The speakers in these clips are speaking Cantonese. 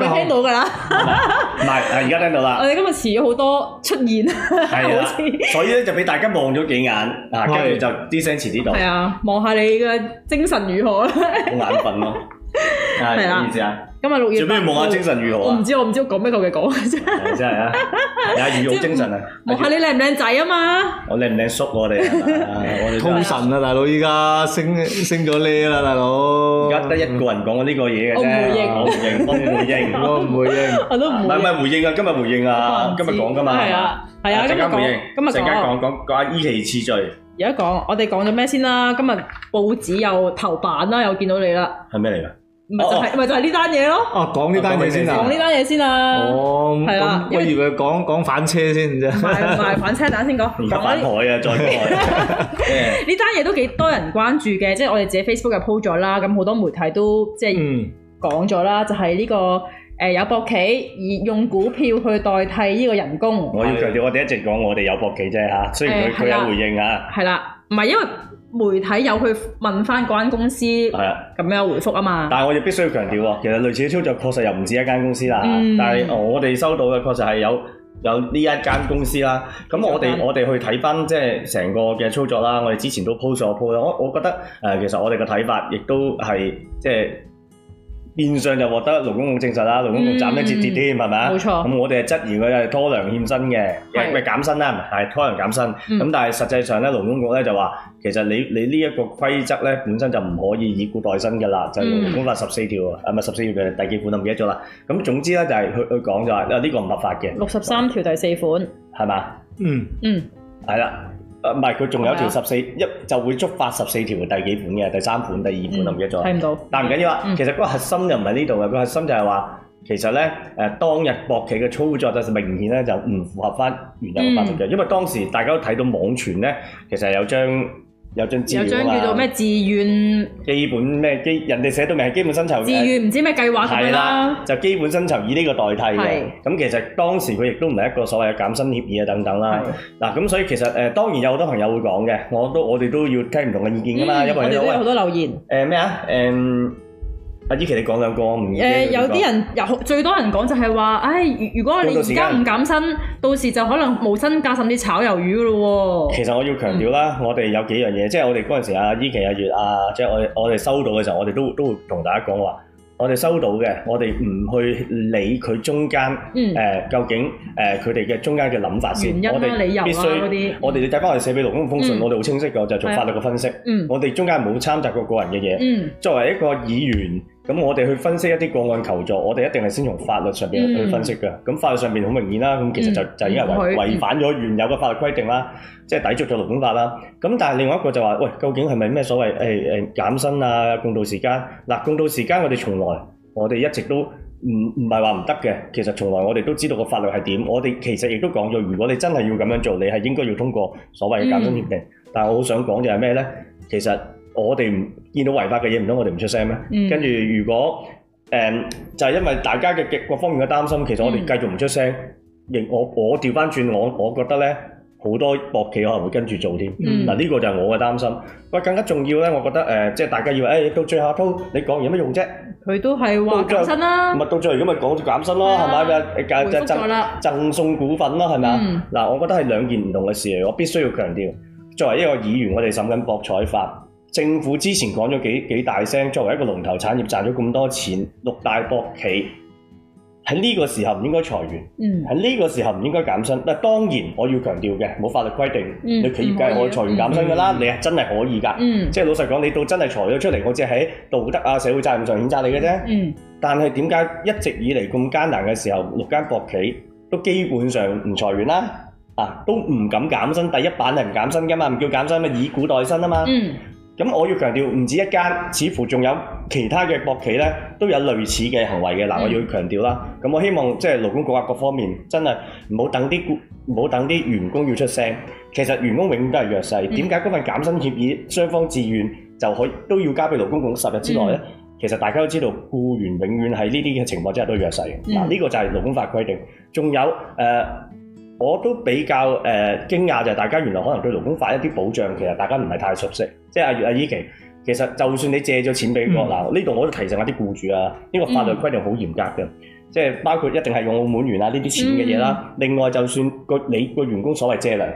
嗯、我聽到噶啦，唔係，啊而家聽到啦。 我哋今日遲咗好多出現，係啊的， 是所以咧就俾大家望咗幾眼啊，跟住的就啲聲遲啲到。係啊，望下你嘅精神如何咧？ 好眼瞓咯，係啊，你意思啊。今日六月，做咩望下精神如何啊？我唔知，我唔知，我講咩佢嘅講，真係啊！真係啊！你係要用精神啊？望下你靚唔靚仔啊嘛？我靚唔靚叔我哋？通神啊大佬，依家升升咗呢啦大佬。而家得一個人講我呢個嘢嘅啫。我回應，我唔回應，我唔回應，我唔回應。我都唔回應。係咪回應啊？今日回應啊？今日講噶嘛？係啊，係啊，陣間回應，今日講。陣間講講講依期次序。而家講，我哋講咗咩先啦？今日報紙又頭版啦，又見到你啦。係咩嚟噶？咪就係，咪就係呢單嘢咯！哦，講呢單嘢先啦。講呢單嘢先啦。哦，係啦，不如佢講講反車先啫，唔係唔係反車蛋先講，入反台啊，再台。呢單嘢都幾多人關注嘅，即係我哋自己 Facebook 又 po 咗啦，咁好多媒體都即係講咗啦，就係呢個誒有博企而用股票去代替呢個人工。我要強調，我哋一直講我哋有博企啫嚇，雖然佢有回應啊，係啦，唔係因為。媒體有去問翻嗰間公司，咁的樣回覆啊嘛。但係我亦必須要強調，其實類似嘅操作確實又唔止一間公司啦。嗯、但係、哦、我哋收到嘅確實係有有呢一間公司啦。咁、嗯、我哋、嗯、我哋去睇翻即係成個嘅操作啦。我哋之前都 post 咗 post 啦。我我覺得誒、呃，其實我哋嘅睇法亦都係即係。面上就獲得勞工局證實啦，勞工局斬一截切添，係咪啊？冇吧沒錯。咁我哋係質疑佢係拖糧欠薪嘅，咪咪是的 減薪啦，係拖糧減薪。咁、嗯、但係實際上咧，勞工局咧就話，其實你你呢一個規則咧本身就唔可以以股代薪嘅啦，就勞、是、工法十四條、嗯、啊，唔係十四條嘅第幾款，都唔記得咗啦。咁總之咧就係佢佢講就話，啊呢個唔合法嘅。六十三條第四款係嘛？嗯嗯，係啦。唔係，佢仲、啊、有條十四、啊、一就會觸發十四條嘅第幾款嘅第三款、第二款，就唔記得咗。睇唔到，但唔緊要啊。嗯、其實嗰個核心又唔係呢度嘅，個核心就係話、嗯、其實咧誒、呃、當日博企嘅操作就明顯咧就唔符合翻原有嘅八十嘅，因為當時大家都睇到網傳咧其實有張。有,張,有張叫做咩？自願基本咩基？人哋寫到明，係基本薪酬。自願唔知咩計劃咁樣啦，就基本薪酬以呢個代替嘅。咁其實當時佢亦都唔係一個所謂嘅減薪協議啊等等啦是的、啊。嗱咁所以其實誒、呃、當然有好多朋友會講嘅，我都我哋都要聽唔同嘅意見㗎嘛。嗯、因冇人？我哋都有好多留言。誒咩啊？誒。呃阿伊琪，你講兩個唔？誒有啲人又最多人講就係話，誒，如果你而家唔減薪，到時就可能無薪假，甚至炒魷魚咯喎。其實我要強調啦，我哋有幾樣嘢，即係我哋嗰陣時，阿伊琪、阿月、阿即係我哋，我哋收到嘅時候，我哋都都會同大家講話，我哋收到嘅，我哋唔去理佢中間誒究竟誒佢哋嘅中間嘅諗法先。原因啦、理由啦嗰啲，我哋你睇翻我哋寫俾勞工封信，我哋好清晰嘅，就係做法律嘅分析。嗯，我哋中間冇參雜過個人嘅嘢。嗯，作為一個議員。咁我哋去分析一啲個案求助，我哋一定係先從法律上邊去分析嘅。咁、嗯、法律上邊好明顯啦，咁其實就就已經係違違反咗原有嘅法律規定啦，嗯、即係抵觸咗勞工法啦。咁但係另外一個就話，喂，究竟係咪咩所謂誒誒、欸欸、減薪啊、共度時間嗱？共度時間我哋從來，我哋一直都唔唔係話唔得嘅。其實從來我哋都知道個法律係點。我哋其實亦都講咗，如果你真係要咁樣做，你係應該要通過所謂嘅減薪協定。嗯、但我好想講就係咩咧，其實。我哋唔見到違法嘅嘢，唔通我哋唔出聲咩？跟住如果誒就係因為大家嘅各方面嘅擔心，其實我哋繼續唔出聲。我我調翻轉，我我覺得咧好多博企可能會跟住做添。嗱呢個就係我嘅擔心。不過更加重要咧，我覺得誒即係大家要誒到最後都你講有乜用啫？佢都係話減薪啦。咪到最後如果咪講減薪咯，係咪啊？贈贈送股份啦，係咪啊？嗱，我覺得係兩件唔同嘅事嚟。我必須要強調，作為一個議員，我哋審緊博彩法。政府之前講咗幾幾大聲，作為一個龍頭產業賺咗咁多錢，六大博企喺呢個時候唔應該裁員，喺呢、嗯、個時候唔應該減薪。但當然我要強調嘅，冇法律規定，嗯、你企業梗係、嗯、可以裁員減薪㗎啦，你係真係可以㗎。即係老實講，你到真係裁咗出嚟，我只係喺道德啊社會責任上譴責你嘅啫。嗯、但係點解一直以嚟咁艱難嘅時候，六間博企都基本上唔裁員啦，啊都唔敢減薪。第一版係唔減薪㗎嘛，唔叫減薪咩？以股代薪啊嘛。嗯咁我要強調，唔止一間，似乎仲有其他嘅博企呢都有類似嘅行為嘅。嗱、嗯，我要強調啦。咁我希望即係、就是、勞工局啊各方面真係唔好等啲，唔好等啲員工要出聲。其實員工永遠都係弱勢。點解嗰份減薪協議雙方自願就可以都要交俾勞工局十日之內呢？嗯、其實大家都知道，僱員永遠喺呢啲嘅情況之下都弱勢。嗱、嗯，呢、啊這個就係勞工法規定。仲有誒。呃我都比較誒驚訝，就係大家原來可能對勞工法一啲保障，其實大家唔係太熟悉。即係阿阿依琪，其實就算你借咗錢俾我，嗱呢度我都提醒下啲僱主啊，呢個法律規定好嚴格嘅，即係、嗯、包括一定係用澳門元啊呢啲錢嘅嘢啦。嗯、另外，就算個你個員工所謂借糧，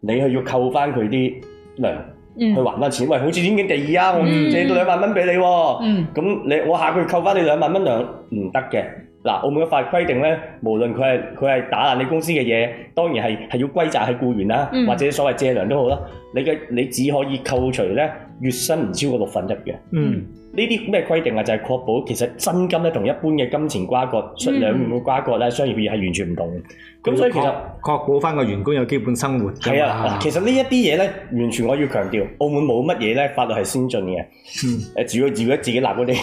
你係要扣翻佢啲糧、嗯、去還翻錢。喂，好似點景地二啊，我借到兩萬蚊俾你喎，咁、嗯、你我下個月扣翻你兩萬蚊糧唔得嘅。嗱，澳門嘅法律規定咧，無論佢係佢係打爛你公司嘅嘢，當然係係要歸責喺雇員啦，嗯、或者所謂借糧都好啦，你嘅你只可以扣除咧月薪唔超過六分一嘅。嗯，呢啲咩規定啊？就係、是、確保其實薪金咧同一般嘅金錢瓜葛、出糧咁嘅瓜葛咧，商業上係完全唔同嘅。咁、嗯、所以其實確，確保翻個員工有基本生活。係啊、嗯，其實呢一啲嘢咧，完全我要強調，澳門冇乜嘢咧，法律係先進嘅。主要主要自己立嗰啲，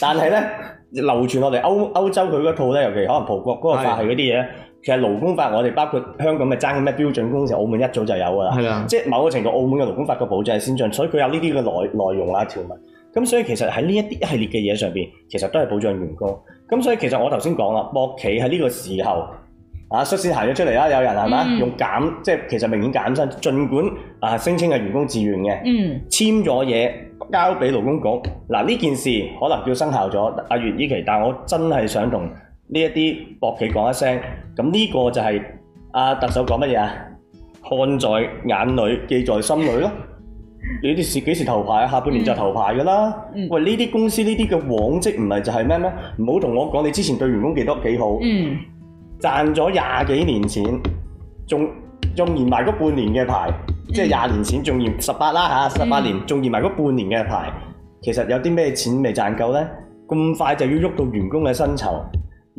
但係咧。 流傳我哋歐歐洲佢嗰套咧，尤其可能葡國嗰個法系嗰啲嘢，是的 其實勞工法我哋包括香港咪爭緊咩標準工時，澳門一早就有㗎啦。係啦，即係某個程度澳門嘅勞工法嘅保障係先進，所以佢有呢啲嘅內內容啊條文。咁所以其實喺呢一啲系列嘅嘢上邊，其實都係保障員工。咁所以其實我頭先講啦，博企喺呢個時候。啊！率先行咗出嚟啦，有人係嘛、嗯、用減，即係其實明顯減薪。儘管啊，聲稱係員工自願嘅，簽咗嘢交俾勞工局。嗱、啊、呢件事可能叫生效咗。阿、啊、月依期，但係我真係想同呢一啲博企講一聲。咁呢個就係、是、阿、啊、特首講乜嘢啊？看在眼裏，記在心裏咯。嗯、你啲事幾時投牌、啊？下半年就投牌噶啦。嗯、喂，呢啲公司呢啲嘅往績唔係就係咩咩？唔好同我講你之前對員工幾多幾好。嗯賺咗廿幾年錢，仲仲延埋嗰半年嘅牌，嗯、即係廿年前仲延十八啦吓，十、啊、八年、嗯、仲延埋嗰半年嘅牌，其實有啲咩錢未賺夠呢？咁快就要喐到員工嘅薪酬，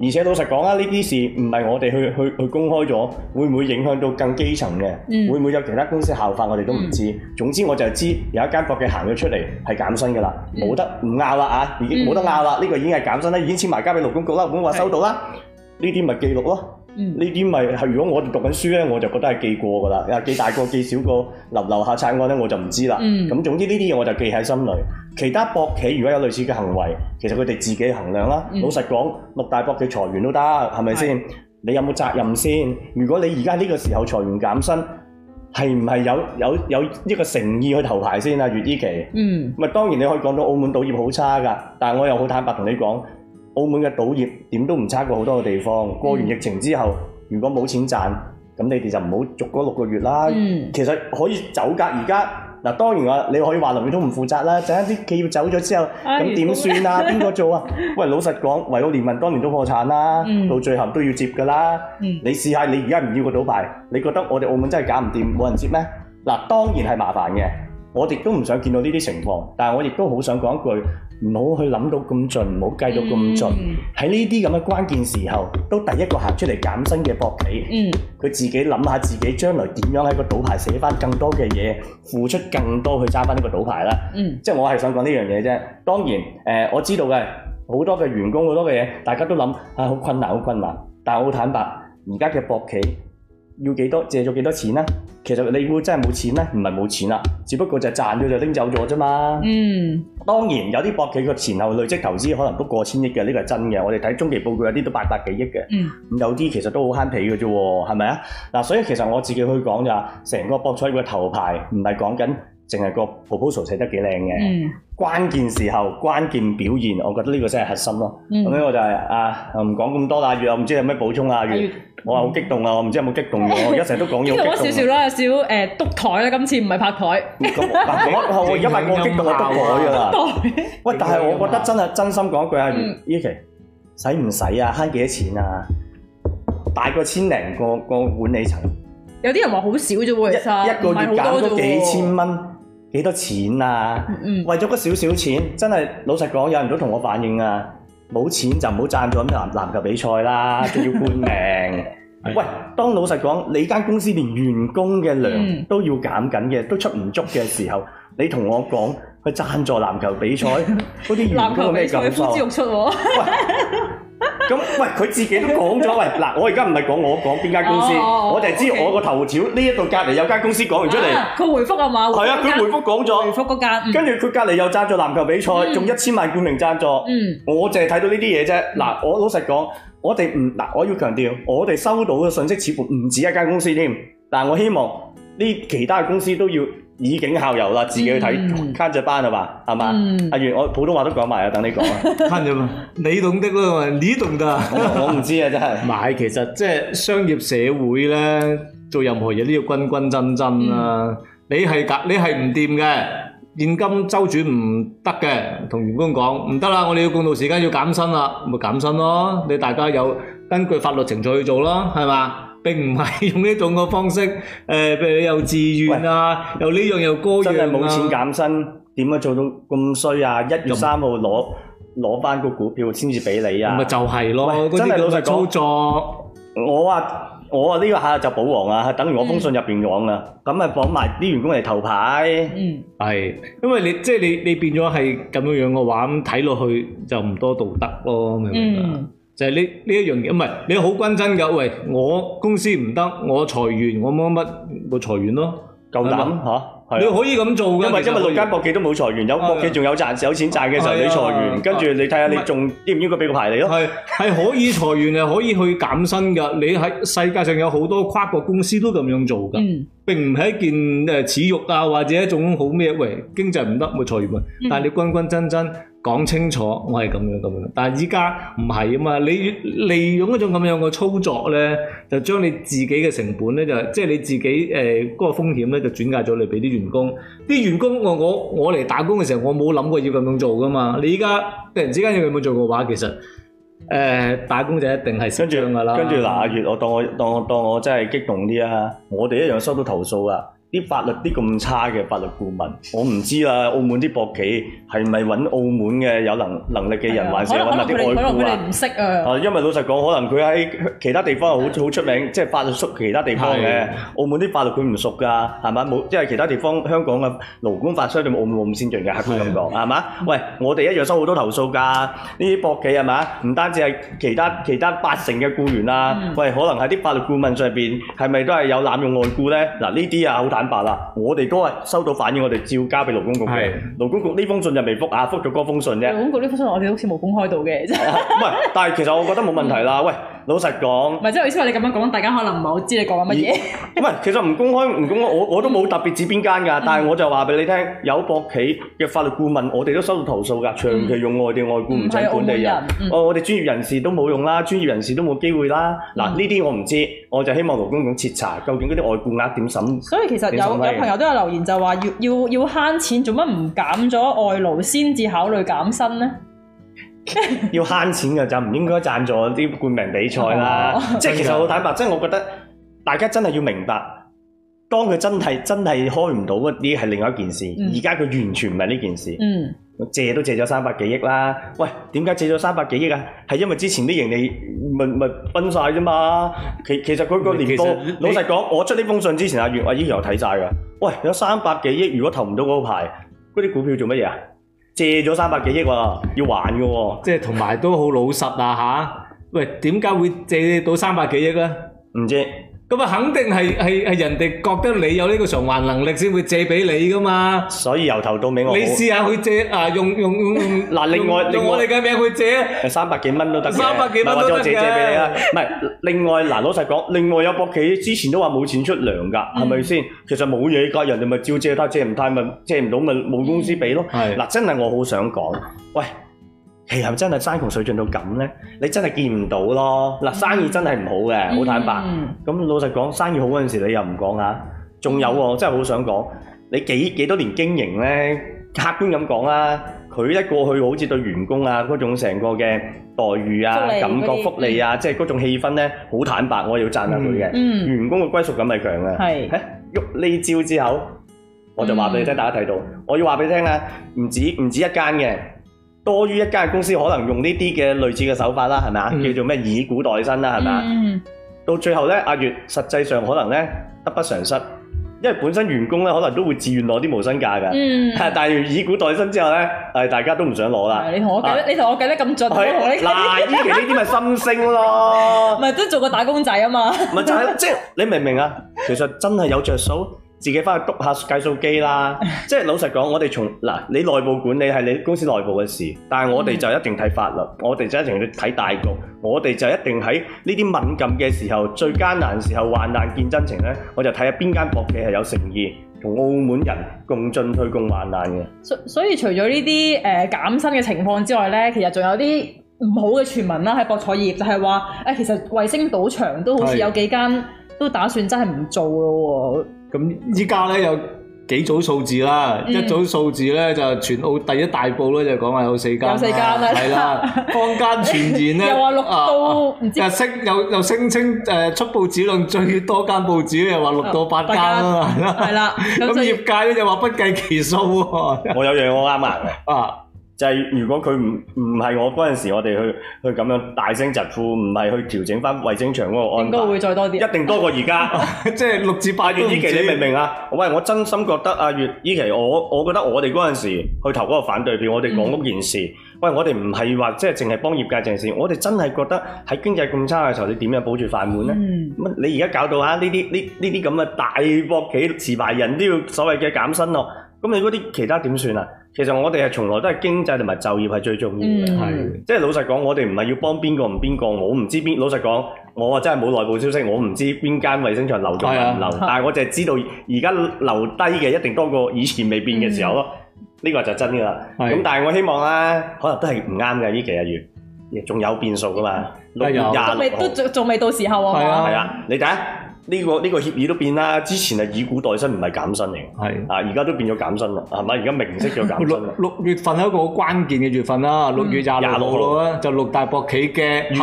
而且老實講啊，呢啲事唔係我哋去去去公開咗，會唔會影響到更基層嘅？嗯、會唔會有其他公司效法？我哋都唔知。嗯、總之我就知有一間博企行咗出嚟係減薪嘅啦，冇、嗯、得唔拗啦啊，已經冇得拗啦，呢、嗯呢個已經係減薪啦，已經簽埋交俾勞工局啦，唔好話收到啦。呢啲咪記錄咯，呢啲咪係如果我讀緊書咧，我就覺得係記過噶啦。啊，記大過、記小過， 留留下殘案咧，我就唔知啦。咁、嗯、總之呢啲嘢我就記喺心裏。其他博企如果有類似嘅行為，其實佢哋自己衡量啦。嗯、老實講，六大博企裁，裁員都得，係咪先？的你有冇責任先？如果你而家呢個時候裁員減薪，係唔係有有有一個誠意去投牌先啊？月依期，嗯，咪當然你可以講到澳門賭業好差噶，但係我又好坦白同你講。澳門嘅賭業點都唔差過好多個地方。過完疫情之後，嗯、如果冇錢賺，咁你哋就唔好續嗰六個月啦。嗯、其實可以走㗎。而家嗱，當然啊，你可以話林宇滔唔負責啦。陣間啲企業走咗之後，咁點算啊？邊個 做啊？喂，老實講，維澳蓮運當年都破產啦，嗯、到最後都要接㗎啦。嗯、你試下，你而家唔要個賭牌，你覺得我哋澳門真係搞唔掂，冇人接咩？嗱，當然係麻煩嘅。我哋都唔想見到呢啲情況，但係我亦都好想講一句。唔好去諗到咁盡，唔好計到咁盡。喺呢啲咁嘅關鍵時候，都第一個行出嚟減薪嘅博企，佢、嗯、自己諗下自己將來點樣喺個賭牌寫翻更多嘅嘢，付出更多去揸翻呢個賭牌啦。嗯、即係我係想講呢樣嘢啫。當然，誒、呃、我知道嘅好多嘅員工好多嘅嘢，大家都諗係好困難，好困難。但係我好坦白，而家嘅博企。要幾多借咗幾多錢呢？其實你估真係冇錢呢？唔係冇錢啦，只不過就賺咗就拎走咗啫嘛。嗯，當然有啲博企嘅前後累積投資可能都過千億嘅，呢個係真嘅。我哋睇中期報告有啲都八百幾億嘅。嗯，有啲其實都好慳皮嘅啫喎，係咪啊？嗱，所以其實我自己去講就係成個博彩嘅頭牌，唔係講緊淨係個 proposal 寫得幾靚嘅。嗯，關鍵時候關鍵表現，我覺得呢個真係核心咯。咁呢個就係、是、啊，唔講咁多啦。啊、月我唔知有咩補充啊，月。啊月。我話好激動啊！我唔知有冇激動、啊， 我一成日都講嘢激動少少啦，少誒 督台啦！今次唔係拍台，我我一拍我激動我督台啊！喂， 但係我覺得真係 真心講一句啊，依期使唔使啊？慳幾、嗯啊、多錢啊？嗯、大個千零個個管理層，有啲人話好少啫喎、啊，其實一,一個月減咗、啊、幾千蚊，幾多錢啊？嗯、為咗嗰少少錢，真係老實講，有人都同我反應啊！冇錢就唔好贊助咩籃籃球比賽啦，仲要冠名。 喂，當老實講，你間公司連員工嘅糧都要減緊嘅，嗯、都出唔足嘅時候，你同我講去贊助籃球比賽，嗰啲 員工咩感受啊？ 咁 喂，佢自己都講咗喂，嗱，我而家唔係講我講邊間公司，哦、我淨係知 okay. 我個頭條呢一度隔離有間公司講完出嚟，佢、啊、回覆啊嘛？會，係啊，佢回覆講咗，回覆嗰間，跟住佢隔離又贊助籃球比賽，仲、嗯、一千萬冠名贊助，嗯，我淨係睇到呢啲嘢啫。嗱，我老實講，我哋唔嗱，我要強調，我哋收到嘅信息似乎唔止一間公司添，但我希望呢其他公司都要。以儆效尤啦，自己去睇，跟着辦啊嘛，係嘛？阿源，我普通話都講埋啊，等你講。跟着嘛，你懂得喎，你懂得，我唔知啊，真係。買其實即商業社會呢，做任何嘢都要君君真真真真啦。你係格，你係唔掂嘅，現金周轉唔得嘅，同員工講唔得啦，我哋要共渡時間要減薪啦，咪減薪咯。你大家有根據法律程序去做咯，係嘛？並唔係用呢種嘅方式，誒、呃，譬如又自怨啊，喂又呢樣又嗰樣啊，真係冇錢減薪，點樣做到咁衰啊？一月三號攞攞翻個股票先至俾你啊？咪就係咯，喂真係老實操作、啊我啊。我話我話呢個下就保皇啊，等於我封信入邊講噶，咁咪、嗯、放埋啲員工嚟投牌，係、嗯，因為你即係、就是、你你變咗係咁樣樣嘅話咁睇落去就唔多道德咯，明唔明啊？嗯就係呢呢一樣嘢，唔係你好均真㗎。喂，我公司唔得，我裁員，我乜乜我裁員咯，夠膽吧、啊、你可以咁做㗎。因為因為六間博企都冇裁員，有博企仲有賺、啊、有錢賺嘅時候，啊、你裁員，跟住、啊、你睇下你仲應唔應該俾個牌你咯？係係可以裁員嘅，可以去減薪㗎。你喺世界上有好多跨國公司都咁樣做㗎，嗯、並唔係一件誒恥辱啊，或者一種好咩？喂，經濟唔得咪裁員啊。但你均均真真真。講清楚，我係咁樣咁樣，但係依家唔係啊嘛！你利用一種咁樣嘅操作咧，就將你自己嘅成本咧，就即係、就是、你自己誒嗰、呃那個風險咧，就轉嫁咗嚟俾啲員工。啲員工我我我嚟打工嘅時候，我冇諗過要咁樣做噶嘛！你而家突然之間要咁樣做嘅話，其實誒、呃、打工就一定係傷噶啦。跟住嗱，阿、啊、月，我當我當我當我真係激動啲啊！我哋一樣收到投訴啊！啲法律啲咁差嘅法律顧問，我唔知啦。澳門啲博企係咪揾澳門嘅有能能力嘅人，還是揾埋啲外顧啊？我唔識啊，因為老實講，可能佢喺其他地方好好出名，即係法律熟其他地方嘅。澳門啲法律佢唔熟㗎，係咪？冇即係其他地方香港嘅勞工法相對澳門冇咁先進嘅，客觀咁講係嘛？喂，我哋一樣收好多投訴㗎。呢啲博企係嘛？唔單止係其他其他八成嘅僱員啦。喂，可能喺啲法律顧問上邊係咪都係有濫用外顧咧？嗱，呢啲啊好大。坦白啦，我哋都係收到反應，我哋照交俾勞工局嘅。勞工局呢封信就未復啊，復咗嗰封信啫。勞工局呢封信我哋好似冇公開到嘅，真係。唔係，但係其實我覺得冇問題啦。嗯、喂，老實講，唔係即係意思話你咁樣講，大家可能唔係好知你講緊乜嘢。唔係，其實唔公開唔公開，我我都冇特別指邊間㗎。嗯、但係我就話俾你聽，有博企嘅法律顧問，我哋都收到投訴㗎，長期用外地外顧唔請本地人。嗯、哦，我哋專業人士都冇用啦，專業人士都冇機會啦。嗱、嗯，呢啲我唔知。我就希望勞工局徹查究竟嗰啲外雇額點審。所以其實有啲朋友都有留言就話要要要慳錢，做乜唔減咗外勞先至考慮減薪呢？ 要慳錢嘅就唔應該贊助嗰啲冠名比賽啦。 即係其實好坦白，即係我覺得大家真係要明白，當佢真係真係開唔到嗰啲係另外一件事。而家佢完全唔係呢件事。嗯。借都借咗三百幾億啦，喂，點解借咗三百幾億啊？係因為之前啲盈利咪咪崩晒啫嘛。其其實佢個年報，實老實講，我出呢封信之前，阿月阿英有睇晒噶。喂，有三百幾億，如果投唔到嗰個牌，嗰啲股票做乜嘢啊？借咗三百幾億喎，要還嘅喎。即係同埋都好老實啊，吓。 喂，點解會借到三百幾億呢？唔知。咁肯定係人哋覺得你有呢個償還能力先會借俾你㗎嘛。所以由頭到尾我你試下佢借用我哋嘅名去借，三百幾蚊都得嘅，三百幾蚊都得嘅。唔係 另外嗱老實講，另外有博企之前都話冇錢出糧㗎，係咪先？嗯、其實冇嘢噶，人哋咪照借得，借唔得咪借唔到咪冇公司俾咯。嗱的、啊、真係我好想講，喂，其係咪真係山窮水盡到咁呢？你真係見唔到咯！嗱，生意真係唔好嘅，好坦白。咁、mm hmm. 老實講，生意好嗰陣時，你又唔講啊。仲有喎，mm hmm. 真係好想講，你幾幾多年經營呢？客觀咁講啦，佢一過去好似對員工啊嗰種成個嘅待遇啊、離感覺、福利啊，即係嗰種氣氛呢，好坦白，我要贊下佢嘅。Mm hmm. 員工嘅歸屬感係強嘅。係喐呢招之後，mm hmm. 我就話俾你聽，大家睇到，我要話俾你聽啊，唔止唔止，止一間嘅。多於一間公司可能用呢啲嘅類似嘅手法啦，係咪啊？嗯、叫做咩以股代薪啦，係咪啊？嗯、到最後咧，阿月實際上可能咧得不償失，因為本身員工咧可能都會自願攞啲無薪假噶，但係以股代薪之後咧，誒大家都唔想攞啦、嗯。你同我計，啊、你同我計得咁盡，嗱呢啲呢啲咪心聲咯，咪都做個打工仔啊嘛。咪就係即係你明唔明啊？其實真係有着數。自己翻去督下計數機啦， 即係老實講，我哋從嗱你內部管理係你公司內部嘅事，但係我哋就一定睇法律，嗯、我哋就一定睇大局，我哋就一定喺呢啲敏感嘅時候、最艱難時候、患難見真情咧，我就睇下邊間博企係有誠意同澳門人共進退、共患難嘅。所所以，所以除咗呢啲誒減薪嘅情況之外咧，其實仲有啲唔好嘅傳聞啦，喺博彩業就係、是、話，誒、欸、其實衛星賭場都好似有幾間都打算真係唔做咯喎。咁依家咧有幾組數字啦，嗯、一組數字咧就全澳第一大報咧就講話有四間，係啦，坊、啊、間傳言咧，有六到，又聲又又聲稱誒出報紙量最多間報紙又話六到八間啦，係啦家，咁、啊、 業界咧就話不計其數喎、啊，我有樣我啱 啊。就係如果佢唔唔係我嗰陣時我，我哋去去咁樣大聲疾呼，唔係去調整翻衞星場嗰個安排，應該會再多啲，一定多過而家。即係六至八月依期，你明唔明啊？喂，我真心覺得啊，月依期我我覺得我哋嗰陣時去投嗰個反對票，嗯、我哋講嗰件事，喂，我哋唔係話即係淨係幫業界淨事，我哋真係覺得喺經濟咁差嘅時候，你點樣保住飯碗咧？嗯、你而家搞到吓，呢啲呢呢啲咁嘅大博企持牌人都要所謂嘅減薪咯。咁你嗰啲其他點算啊？其實我哋係從來都係經濟同埋就業係最重要嘅，係、嗯、即係老實講，我哋唔係要幫邊個唔邊個，我唔知邊。老實講，我啊真係冇內部消息，我唔知邊間衛星場留咗人唔留，啊、但係我就係知道而家留低嘅一定多過以前未變嘅時候咯。呢、嗯、個就真噶啦。咁、啊、但係我希望咧，可能都係唔啱嘅呢幾日月，仲有變數噶嘛。六月廿六號都仲未到時候喎。啊，係啊，啊，你睇。呢個呢個協議都變啦，之前係以股代薪，唔係減薪嚟嘅。係啊，而家都變咗減薪啦，係咪？而家明識咗減薪。六六月份係一個好關鍵嘅月份啦，六月廿廿六號啊，就六大博企嘅月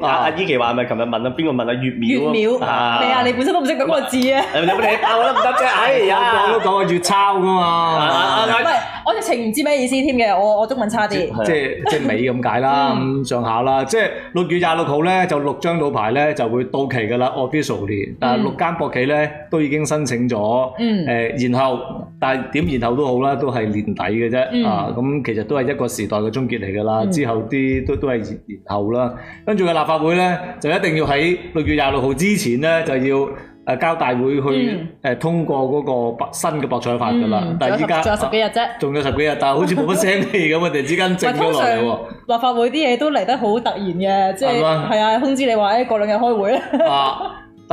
杪啊，依期話係咪琴日問啊？邊個問啊？月杪啊？你啊，你本身都唔識講個字啊？你啊，我都唔得啫，係啊，講都講月抄㗎嘛。我直情唔知咩意思添嘅，我我中文差啲。即係即係尾咁解啦，咁上下啦，即係六月廿六號咧，就六張賭牌咧就會到期㗎啦，officially。六間博企咧都已經申請咗，誒、嗯，然後，但係點然後都好啦，都係年底嘅啫，嗯、啊，咁其實都係一個時代嘅終結嚟㗎啦。之後啲都都係然後啦，跟住個立法會咧就一定要喺六月廿六號之前咧就要誒交大會去誒通過嗰個新嘅博彩法㗎啦。嗯、但係而家仲有十幾日啫，仲、啊、有十幾日，但係好似冇乜聲氣咁啊！ 突然之間靜咗落嚟喎。哎、立法會啲嘢都嚟得好突然嘅，即係係啊通知你話誒過兩日開會啦。 但係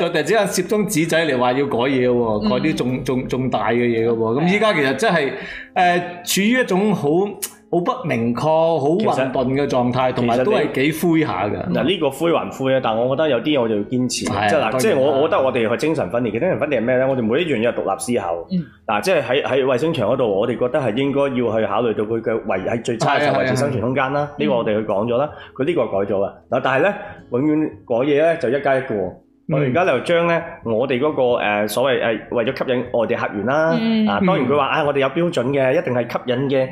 就突然之間攝裝紙仔嚟話要改嘢喎，改啲重重重大嘅嘢嘅喎。咁依家其實真係誒、呃、處於一種好好不明確、好混沌嘅狀態，同埋實都係幾灰下嘅。嗱呢、嗯、個灰還灰啊，但係我覺得有啲嘢我就要堅持。即係嗱，即係我我覺得我哋係精神分裂，啊啊、精神分裂係咩咧？我哋每一樣嘢獨立思考。嗱、嗯啊，即係喺喺衛星場嗰度，我哋覺得係應該要去考慮到佢嘅維喺最差嘅時候維持生存空間啦。呢個、嗯嗯、我哋去講咗啦。佢呢個改咗嘅嗱，但係咧永遠改嘢咧就一加一個。我哋而家就將咧，我哋嗰個誒所謂誒，為咗吸引外地客源啦，啊，當然佢話啊，我哋有標準嘅，一定係吸引嘅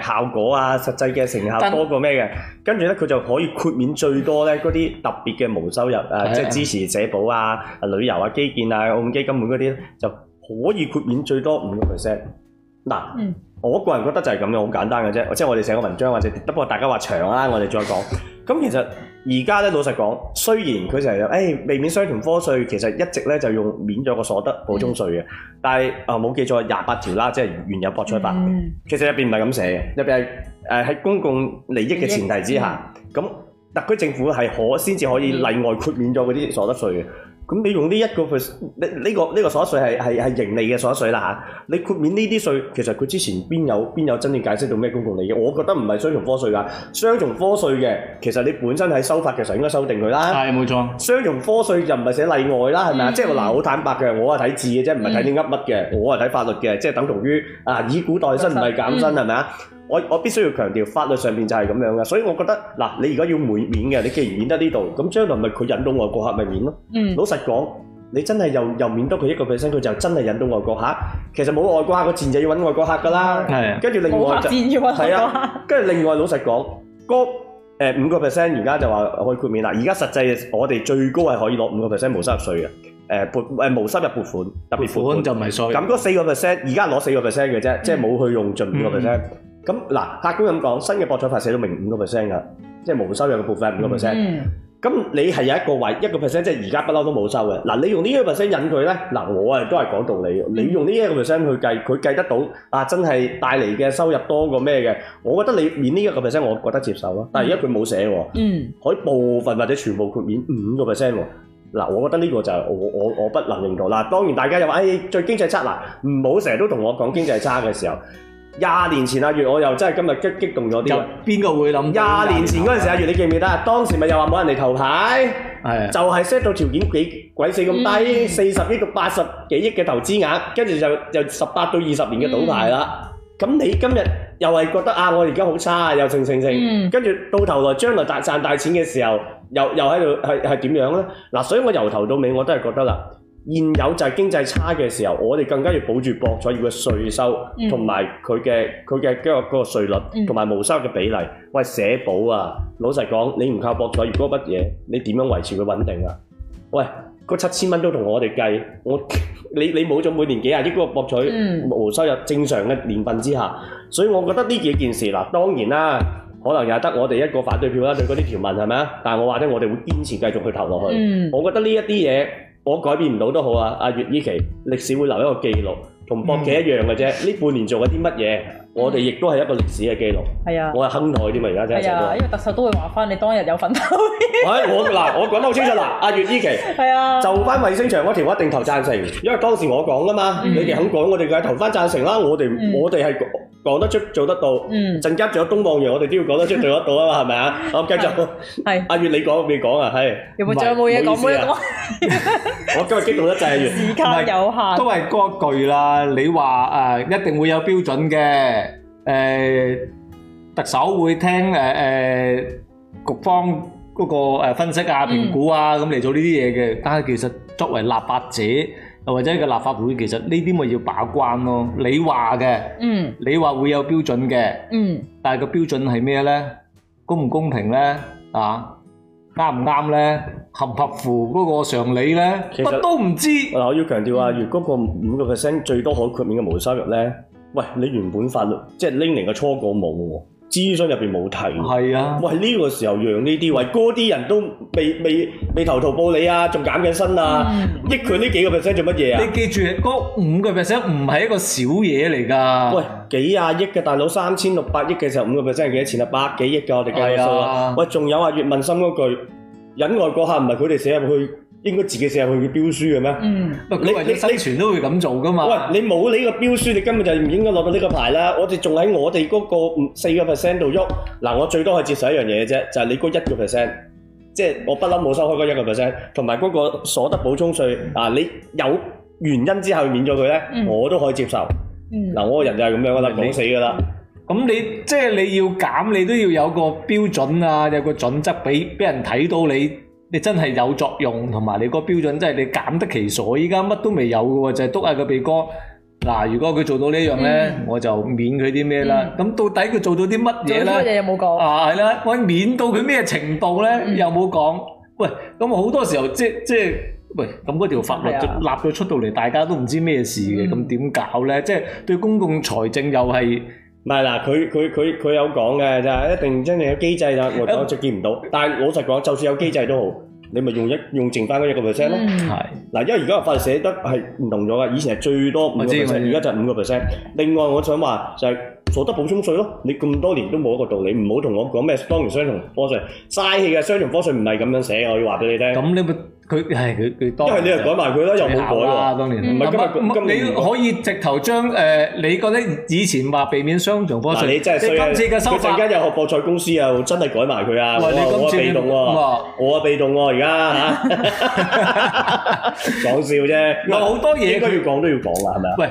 誒效果啊，實際嘅成效多過咩嘅，跟住咧佢就可以豁免最多咧嗰啲特別嘅無收入誒，即係支持社保啊、旅遊啊、基建啊、澳門基金會嗰啲咧，就可以豁免最多五個 percent。嗱，我個人覺得就係咁樣，好簡單嘅啫，即係我哋寫個文章或者，不過大家話長啦，我哋再講。咁其實而家呢，老實講，雖然佢就係、是、有，誒、哎，避免雙重課稅，其實一直呢就用免咗個所得補充稅、嗯、但係啊冇記錯廿八條啦，即係原有博彩法，嗯、其實入面唔係咁寫嘅，入邊係誒喺公共利益嘅前提之下，咁利益、嗯、特區政府係可先至可以例外豁免咗嗰啲所得稅嘅。咁你用呢一個稅，呢呢個呢個所得稅係係係盈利嘅所得稅啦吓。你豁免呢啲稅，其實佢之前邊有邊有真正解釋到咩公共利益？我覺得唔係雙重課稅㗎，雙重課稅嘅其實你本身喺修法嘅時候應該修定佢啦。係冇錯。雙重課稅就唔係寫例外啦，係咪啊？即係嗱，好坦白嘅，我係睇字嘅啫，唔係睇你噏乜嘅。我係睇法律嘅，即係等同於啊，以股代薪唔係減薪係咪啊？我我必須要強調，法律上面就係咁樣嘅，所以我覺得嗱，你而家要免免嘅，你既然免得呢度，咁將來咪佢引到外國客咪免咯。嗯、老實講，你真係又又免得佢一個 percent，佢就真係引到外國客。其實冇外國客嗰陣就要揾外國客噶啦。跟住的另外就係啊，跟住另外老實講，嗰五個 percent 而家就話可以豁免啦。而家實際我哋最高係可以攞五個 percent 無收入稅嘅，誒撥誒無收入撥款，特別款，款就唔係咁嗰四個 percent 而家攞四個 percent 嘅啫，嗯、即係冇去用盡五個 percent。嗯咁嗱，客觀咁講，新嘅博彩法寫到明五個 percent 噶，即係冇收入嘅部分五個 percent。咁你係有一個位一個 percent，即係而家不嬲都冇收嘅。嗱，你用呢一個 percent 引佢咧，嗱，我誒都係講道理。你用呢一個 percent 去計，佢計得到啊，真係帶嚟嘅收入多過咩嘅？我覺得你免呢一個 percent，我覺得接受咯。但係而家佢冇寫喎，可以部分或者全部豁免五個 percent 喎。嗱，我覺得呢個就係我我我不能認同。嗱，當然大家又話誒最經濟差嗱，唔好成日都同我講經濟差嘅時候。廿年前阿月，我又真係今日激激動咗啲。邊個會諗廿年前嗰陣時阿月，牌你記唔記得啊？當時咪又話冇人嚟投牌，係是的 就係 set 到條件幾鬼死咁低，四十、嗯、億到八十幾億嘅投資額，跟住就就十八到二十年嘅賭牌啦。咁、嗯、你今日又係覺得啊，我而家好差，又剩剩剩，跟住、嗯、到頭來將來賺賺大錢嘅時候，又又喺度係係點樣咧？嗱、啊，所以我由頭到尾我都係覺得啦。現有就係經濟差嘅時候，我哋更加要保住博彩業嘅稅收同埋佢嘅佢嘅嗰個稅率同埋無收入嘅比例。嗯、喂，社保啊，老實講，你唔靠博彩業嗰筆嘢，你點樣維持佢穩定啊？喂，嗰七千蚊都同我哋計，我你你冇咗每年幾廿億個博彩無收入正常嘅年份之下，嗯、所以我覺得呢幾件事嗱，當然啦，可能又係得我哋一個反對票啦，對嗰啲條文係咪啊？但係我話咧，我哋會堅持繼續去投落去。嗯、我覺得呢一啲嘢。我改變唔到都好啊，阿月依期歷史會留一個記錄，同博記一樣嘅啫。呢半年做咗啲乜嘢，我哋亦都係一個歷史嘅記錄。我係坑害啲嘛，而家真係。係啊，因為特首都會話翻你當日有份投我嗱，我講得好清楚，阿月依期就翻衞星場嗰條一定投贊成，因為當時我講噶嘛，你哋肯講我哋梗係投翻贊成啦，我哋我哋係。講得出做得到，陣間仲有東望洋，我哋都要講得出做得到啊嘛，係咪啊？好，繼續，係阿月你講未講啊？係，有冇再冇嘢講？冇嘢講？我今日激動得滯啊！時間有限，都係嗰句啦。你話誒，一定會有標準嘅。誒，特首會聽誒誒局方嗰個誒分析啊、評估啊，咁嚟，做呢啲嘢嘅。但係其實作為立法者。又或者個立法會其實呢啲咪要把關咯，你話嘅，嗯，你話會有標準嘅，嗯，但係個標準係咩咧？公唔公平咧？啊，啱唔啱咧？合唔合乎嗰個常理咧？乜都唔知。嗱，我要強調啊，如果個五個 percent 最多可豁免嘅無收入咧，喂，你原本法律即係拎嚟嘅初稿冇喎。諮詢入邊冇提㗎，係啊！喂，呢、這個時候讓呢啲位，嗰啲、嗯、人都未未未，未投桃報李啊，仲減緊薪啊，益佢呢幾個 percent 做乜嘢啊？你記住，嗰五個 percent 唔係一個小嘢嚟㗎。喂，幾廿億嘅大佬，三千六百億嘅時候，五個 percent 係幾多錢啊？百幾億㗎，我哋計下數啊！喂，仲有啊，葉問心嗰句忍外國客唔係佢哋寫入去。應該自己寫入去嘅標書嘅咩？嗯，你為咗生存都會咁做噶嘛？喂，你冇你個標書，你根本就唔應該攞到呢個牌啦。我哋仲喺我哋嗰個四個 percent 度喐。嗱，我最多可以接受一樣嘢啫，就係、是、你嗰一個 percent，即係我不嬲冇收開嗰一個 percent，同埋嗰個所得補充稅啊，你有原因之後免咗佢咧，嗯、我都可以接受。嗱、嗯，我個人就係咁樣啦，冇、嗯、死㗎啦。咁、嗯、你即係你要減，你都要有個標準啊，有個準則俾俾人睇到你。你真係有作用，同埋你個標準真係你揀得其所。依家乜都未有嘅喎，就係、是、督下個鼻哥。嗱、啊，如果佢做到呢樣咧，嗯、我就免佢啲咩啦。咁、嗯、到底佢做到啲乜嘢咧？乜嘢有冇講啊？係啦，我免到佢咩程度咧？又冇講、嗯。喂，咁好多時候即係即係喂，咁嗰條法律就立咗麼出到嚟，大家都唔知咩事嘅。咁點搞咧？即係對公共財政又係。唔係啦，佢有講嘅就係一定真正有機制啦，我講就見唔到。但係老實講，就算有機制都好，你咪用一用剩翻嗰一個 percent 咯。係。嗱、嗯，因為而家法律寫得係唔同咗嘅，以前係最多五個 percent，而家就係五個 percent。的另外，我想話就係、是、所得補充稅咯。你咁多年都冇一個道理，唔好同我講咩。當年雙重課稅，嘥氣嘅雙重課稅唔係咁樣寫，我要話俾你聽。佢係因為你又改埋佢啦，又冇改喎。當年唔係今日，你可以直頭將你覺得以前話避免雙重課稅，你真係衰啊！佢陣間又學博彩公司又真係改埋佢啊！我我被動喎，我啊被動喎，而家講笑啫。有好多嘢應該要講都要講啦，係咪？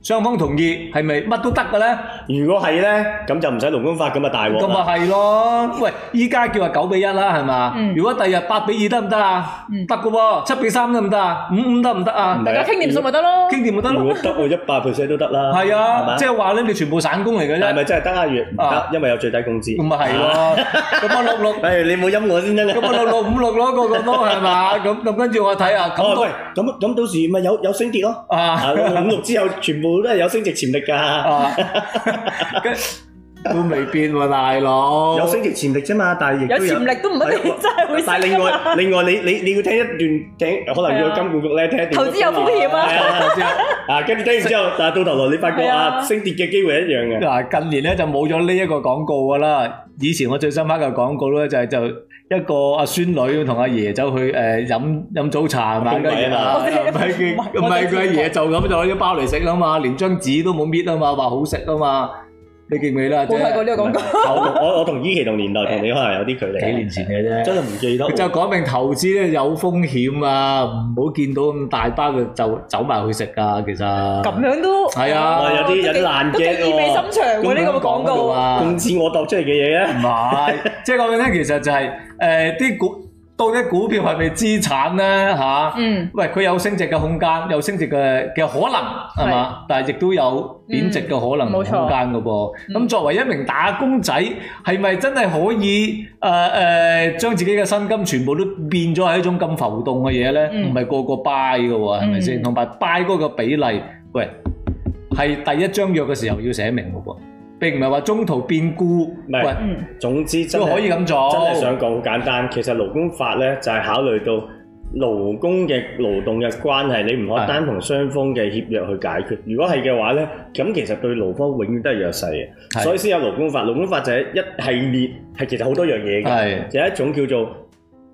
雙方同意係咪乜都得嘅咧？如果係咧，咁就唔使勞工法咁啊大鑊。咁啊係咯，喂，依家叫話九比一啦，係嘛？如果第二日八比二得唔得啊？得嘅，七比三得唔得啊？五五得唔得啊？大家傾掂數咪得咯，傾掂咪得咯。得我一百 percent 都得啦。係啊，即係話咧，你全部散工嚟嘅啫。係咪真係得阿月唔得？因為有最低工資。咁啊係喎，七六六。係你冇陰我先得。七六六五六咯，個個都係嘛？咁咁跟住我睇下咁多，咁咁到時咪有有升跌咯。啊，五六之後全部。都係有升值潛力噶，都未變喎，大佬有升值潛力啫嘛，但係亦有潛力都唔一定真會升嘅嘛。但係另外另外，你你你要聽一段聽，可能要去金管局咧，聽投資有風險啊。啊，跟住聽完之後，但係到頭來你發覺啊，升跌嘅機會一樣嘅。嗱，近年咧就冇咗呢一個廣告啦。以前我最深刻嘅廣告咧就係就。一個阿孫女同阿爺走去誒飲飲早茶咁樣嘅啦，唔係佢阿爺就咁就攞啲包嚟食啊嘛，連張紙都冇搣啊嘛，話好食啊嘛，你記唔記得？我睇過呢個廣告。我我同依期同年代同你可能有啲距離。幾年前嘅啫，真係唔記得。就講明投資咧有風險啊，唔好見到咁大包嘅就走埋去食㗎，其實。咁樣都係啊！有啲有啲爛嘅喎。都幾意味深長嘅呢個廣告。工資我度出嚟嘅嘢啊！唔係。即係講緊咧，其實就係誒啲股到底股票係咪資產咧吓？啊、嗯，喂，佢有升值嘅空間，有升值嘅嘅可能係嘛、嗯？但係亦都有貶值嘅可能同空間嘅噃。咁、嗯、作為一名打工仔，係咪、嗯、真係可以誒誒將自己嘅薪金全部都變咗係一種咁浮動嘅嘢咧？唔係、嗯、個個 buy 嘅喎，係咪先？同埋 buy 嗰個比例，喂，係第一張約嘅時候要寫明嘅噃。並唔係話中途變故，唔係是、嗯、總之真係真係想講好簡單。其實勞工法咧就係考慮到勞工嘅勞動嘅關係，你唔可以單同雙方嘅協約去解決。是的 如果係嘅話咧，咁其實對勞方永遠都係弱勢嘅，是的 所以先有勞工法。勞工法就係一系列，係其實好多樣嘢嘅，是的 就係一種叫做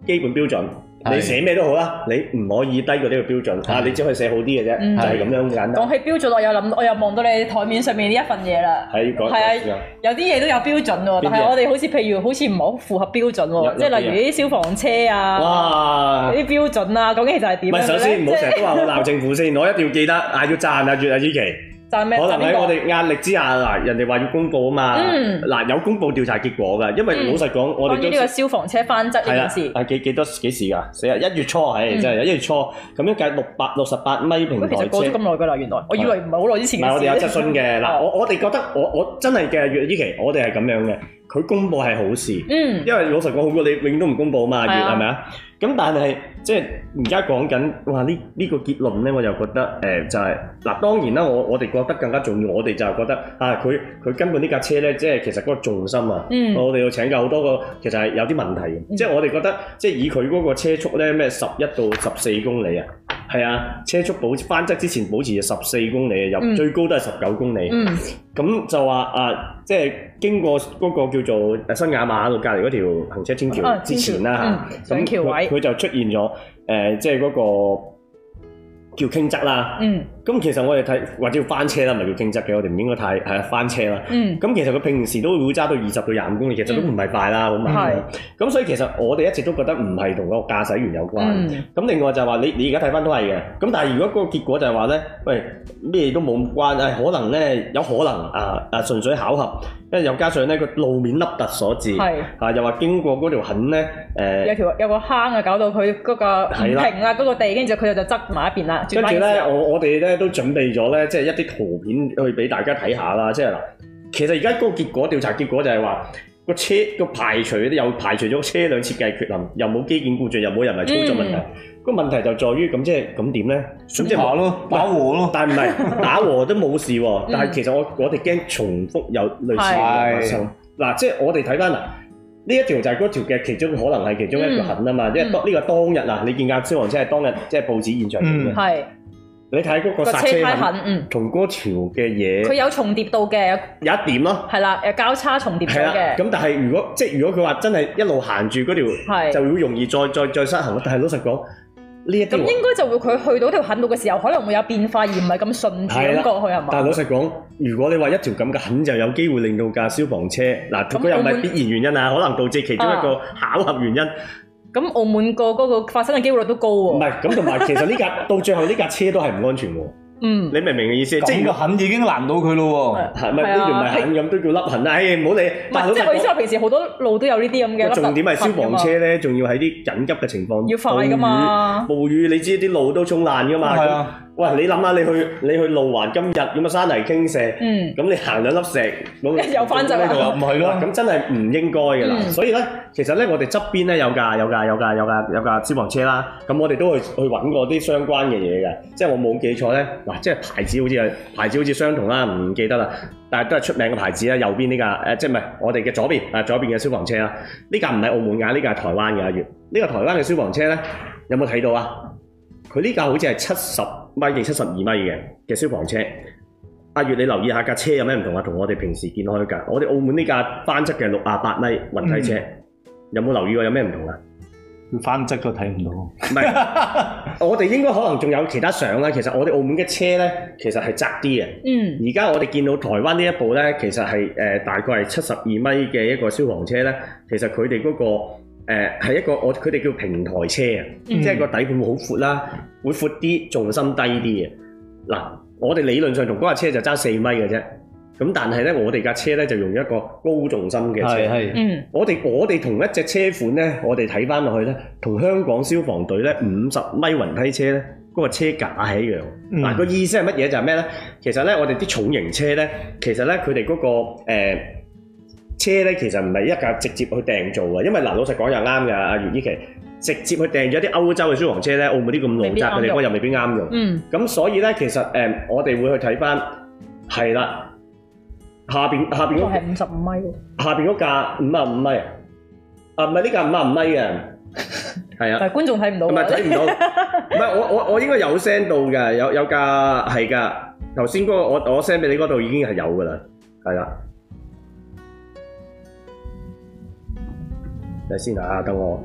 基本標準。你寫咩都好啦，你唔可以低過呢個標準的啊！你只可以寫好啲嘅啫，的就係咁樣簡單。講起標準，我又諗，我又望到你台面上面呢一份嘢啦。係講，係啊，有啲嘢都有標準喎，裏但係我哋好似譬如好似唔係好符合標準喎，裏即係例如啲消防車啊，啲哇標準啊，講起就係點？唔係首先唔好成日都話我鬧政府先， 我一定要記得，係、啊、要讚啊，月啊，依期。可能喺我哋壓力之下，嗱人哋話要公佈啊嘛，嗱、嗯、有公佈調查結果嘅，因為老實講，我哋都關於呢個消防車翻側呢件事，係啊，幾幾多幾時噶？死啊！一月初，係，真係一月初，咁樣計六百六十八米平台車過咗咁耐嘅啦，原來我以為唔係好耐之前，唔係，我哋有質詢嘅，嗱 我我哋覺得我我，我真係嘅，月依期我哋係咁樣嘅，佢公佈係好事，嗯，因為老實講，好過你永遠都唔公佈啊嘛，月係咪啊？是咁但係即係而家講緊話呢呢個結論咧，我就覺得誒就係嗱當然啦，我我哋覺得更加重要，我哋就係覺得啊佢佢根本呢架車咧，即係其實嗰個重心啊，嗯、我哋要請教好多個，其實係有啲問題嘅、嗯，即係我哋覺得即係以佢嗰個車速咧，咩十一到十四公里啊，係啊，車速保翻側之前保持十四公里啊，入最高都係十九公里，咁、嗯嗯、就話啊。即係經過嗰個叫做新亞馬路隔離嗰條行車天橋之前啦，咁橋位佢就出現咗誒、呃，即係嗰、嗰個叫傾側啦。嗯咁其實我哋睇或者要翻車啦，唔係叫正則嘅，我哋唔應該太係啊翻車啦。咁、嗯、其實佢平時都會揸到二十到廿五公里，其實都唔係快啦。咁啊，咁所以其實我哋一直都覺得唔係同嗰個駕駛員有關。咁、嗯、另外就係話你你而家睇翻都係嘅。咁但係如果嗰個結果就係話咧，喂，咩都冇關，誒可能咧有可能啊啊純粹巧合。即又加上咧，個路面凹凸所致，嚇是又話經過嗰條坑咧，誒、呃、有條有個坑啊，搞到佢嗰個平啦、啊，嗰的個地，跟住佢就側埋一邊啦。跟住咧，我我哋咧都準備咗咧，即係一啲圖片去俾大家睇下啦。即係嗱，其實而家嗰個結果調查結果就係話。個車個排除，又排除咗車輛設計缺陷，又冇機件故障，又冇人為操作問題。個問題就在於咁，即係咁點呢？咁即係話咯，打和咯。但唔係打和都冇事喎。但係其實我我哋驚重複有類似嘅嗱，即係我哋睇翻嗱，呢一條就係嗰條嘅，其中可能係其中一條痕啊嘛。即係呢個當日啊，你見架消防車係當日即係報紙現場影嘅。你睇嗰個車胎痕，嗯，同嗰條嘅嘢，佢有重疊到嘅，有一點咯，係啦，誒交叉重疊咗嘅。咁但係如果即係如果佢話真係一路行住嗰條，係就會容易再再再失衡咯。但係老實講呢，咁應該就會佢去到條痕路嘅時候，可能會有變化，而唔係咁順暢咁過去係嘛？但係老實講，如果你話一條咁嘅痕就有機會令到架消防車嗱，佢又唔係必然原因啊，可能導致其中一個巧合原因。咁澳門個嗰個發生嘅機會率都高喎，啊，唔係咁，同埋其實呢架 到最後呢架車都係唔安全喎，嗯，你明唔明嘅意思？即係個肯已經攔到佢咯喎，係咪呢條唔係肯咁都叫甩痕啊？唉，唔好理，即係佢意思知我平時好多路都有呢啲咁嘅，重點係消防車咧，仲要喺啲緊急嘅情況，要快噶嘛，暴雨，雨你知啲路都沖爛噶嘛。那喂，你諗下，你去你去路環今日咁嘅山泥傾瀉，咁、嗯、你行兩粒石，又翻走呢度啊？唔係咯，咁、嗯、真係唔應該嘅啦。嗯、所以咧，其實咧，我哋側邊咧有架有架有架有架有架消防車啦。咁我哋都去去揾過啲相關嘅嘢嘅，即係我冇記錯咧。嗱，即係牌子好似係牌子好似相同啦，唔記得啦。但係都係出名嘅牌子啦。右邊呢架誒，即係唔係我哋嘅左邊？誒左邊嘅消防車啦。呢架唔係澳門噶，呢架係台灣嘅一月。呢個台灣嘅消防車咧，有冇睇到啊？佢呢架好似係七十米地七十二米嘅嘅消防車，阿、啊、月你留意下架車有咩唔同啊？同我哋平時見開架，我哋澳門呢架翻側嘅六十八米雲梯車，嗯、有冇留意過有咩唔同啊？翻側都睇唔到，唔 係，我哋應該可能仲有其他相啦。其實我哋澳門嘅車咧，其實係窄啲嘅。嗯，而家我哋見到台灣呢一部咧，其實係誒、呃、大概係七十二米嘅一個消防車咧，其實佢哋嗰個。誒係，呃、一個我佢哋叫平台車啊，嗯、即係個底盤會好闊啦，會闊啲，重心低啲嘅。嗱，我哋理論上同嗰架車就爭四米嘅啫。咁但係呢，我哋架車呢就用一個高重心嘅車。係是是 嗯，我。我哋我哋同一隻車款呢，我哋睇翻落去呢，同香港消防隊呢五十米雲梯車呢嗰，那個車架係一樣。嗱個，嗯、意思係乜嘢？就係咩呢？其實呢，我哋啲重型車呢，其實呢，佢哋嗰個，呃車咧其實唔係一架直接去訂做啊，因為嗱，老實講又啱噶，阿袁依期直接去訂咗一啲歐洲嘅消防車咧，澳門啲咁窄嘅地方又未必啱用。嗯。咁所以咧，其實誒，我哋會去睇翻，係啦，下邊下邊嗰個係五十五米，下邊嗰架五啊五米啊，唔係呢架五啊五米嘅，係啊。但係觀眾睇唔到。唔係睇唔到，唔係我我我應該有 send 到㗎，有有架係㗎，頭先嗰個我我 send 俾你嗰度已經係有㗎啦，係啦。睇先啊，等我。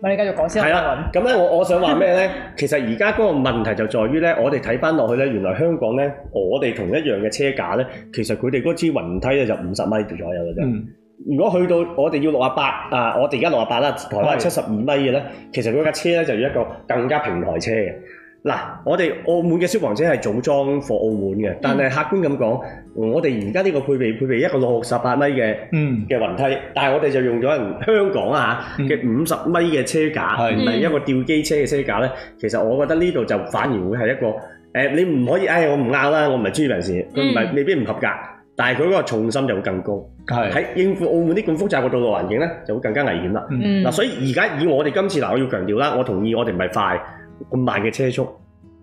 咪你繼續講先。係啦，咁咧，我我想話咩咧？ 其實而家嗰個問題就在於咧，我哋睇翻落去咧，原來香港咧，我哋同一樣嘅車架咧，其實佢哋嗰支雲梯咧就五十米左右嘅啫。嗯、如果去到我哋要六啊八啊，我哋而家六啊八啦，台灣係七十二米嘅咧，的其實嗰架車咧就要一個更加平台車嘅。嗱，我哋澳門嘅消防車係組裝貨澳門嘅，但係客觀咁講，我哋而家呢個配備配備一個六十八米嘅嘅雲梯，但係我哋就用咗人香港啊嚇嘅五十米嘅車架，唔係一個吊機車嘅車架咧。其實我覺得呢度就反而會係一個誒，你唔可以，唉，我唔拗啦，我唔係專業人士，佢唔係未必唔合格，但係佢嗰個重心就會更高，喺應付澳門啲咁複雜嘅道路環境咧就會更加危險啦。嗱，所以而家以我哋今次嗱，我要強調啦，我同意我哋唔係快。咁慢嘅車速，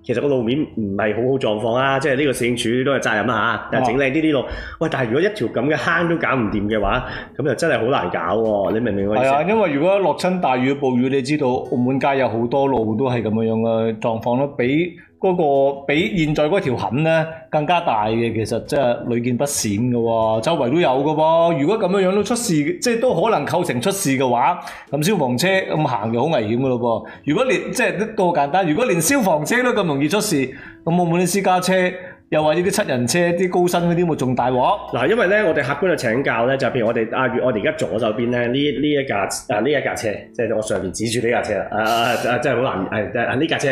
其實個路面唔係好好狀況啊！即係呢個市政署都有責任啊嚇，但又整靚啲啲路。喂，但係如果一條咁嘅坑都搞唔掂嘅話，咁就真係好難搞喎！你明唔明我意思？係啊，因為如果落親大雨暴雨，你知道澳門街有好多路都係咁樣樣嘅狀況咯，比，嗰個比現在嗰條痕咧更加大嘅，其實即係屢見不鮮嘅喎，周圍都有嘅喎。如果咁樣樣都出事，即係都可能構成出事嘅話，咁消防車咁行就好危險嘅咯噃。如果連即係都好簡單，如果連消防車都咁容易出事，咁澳門啲私家車，又或者啲七人車、啲高薪嗰啲，會仲大鑊？嗱，因為咧，我哋客觀就請教咧，就是、譬如我哋阿月，我哋而家左手邊咧呢呢一,一架啊呢一架車，即、就、係、是、我上邊指住呢架車啦，啊啊啊，真係好難，係係呢架車。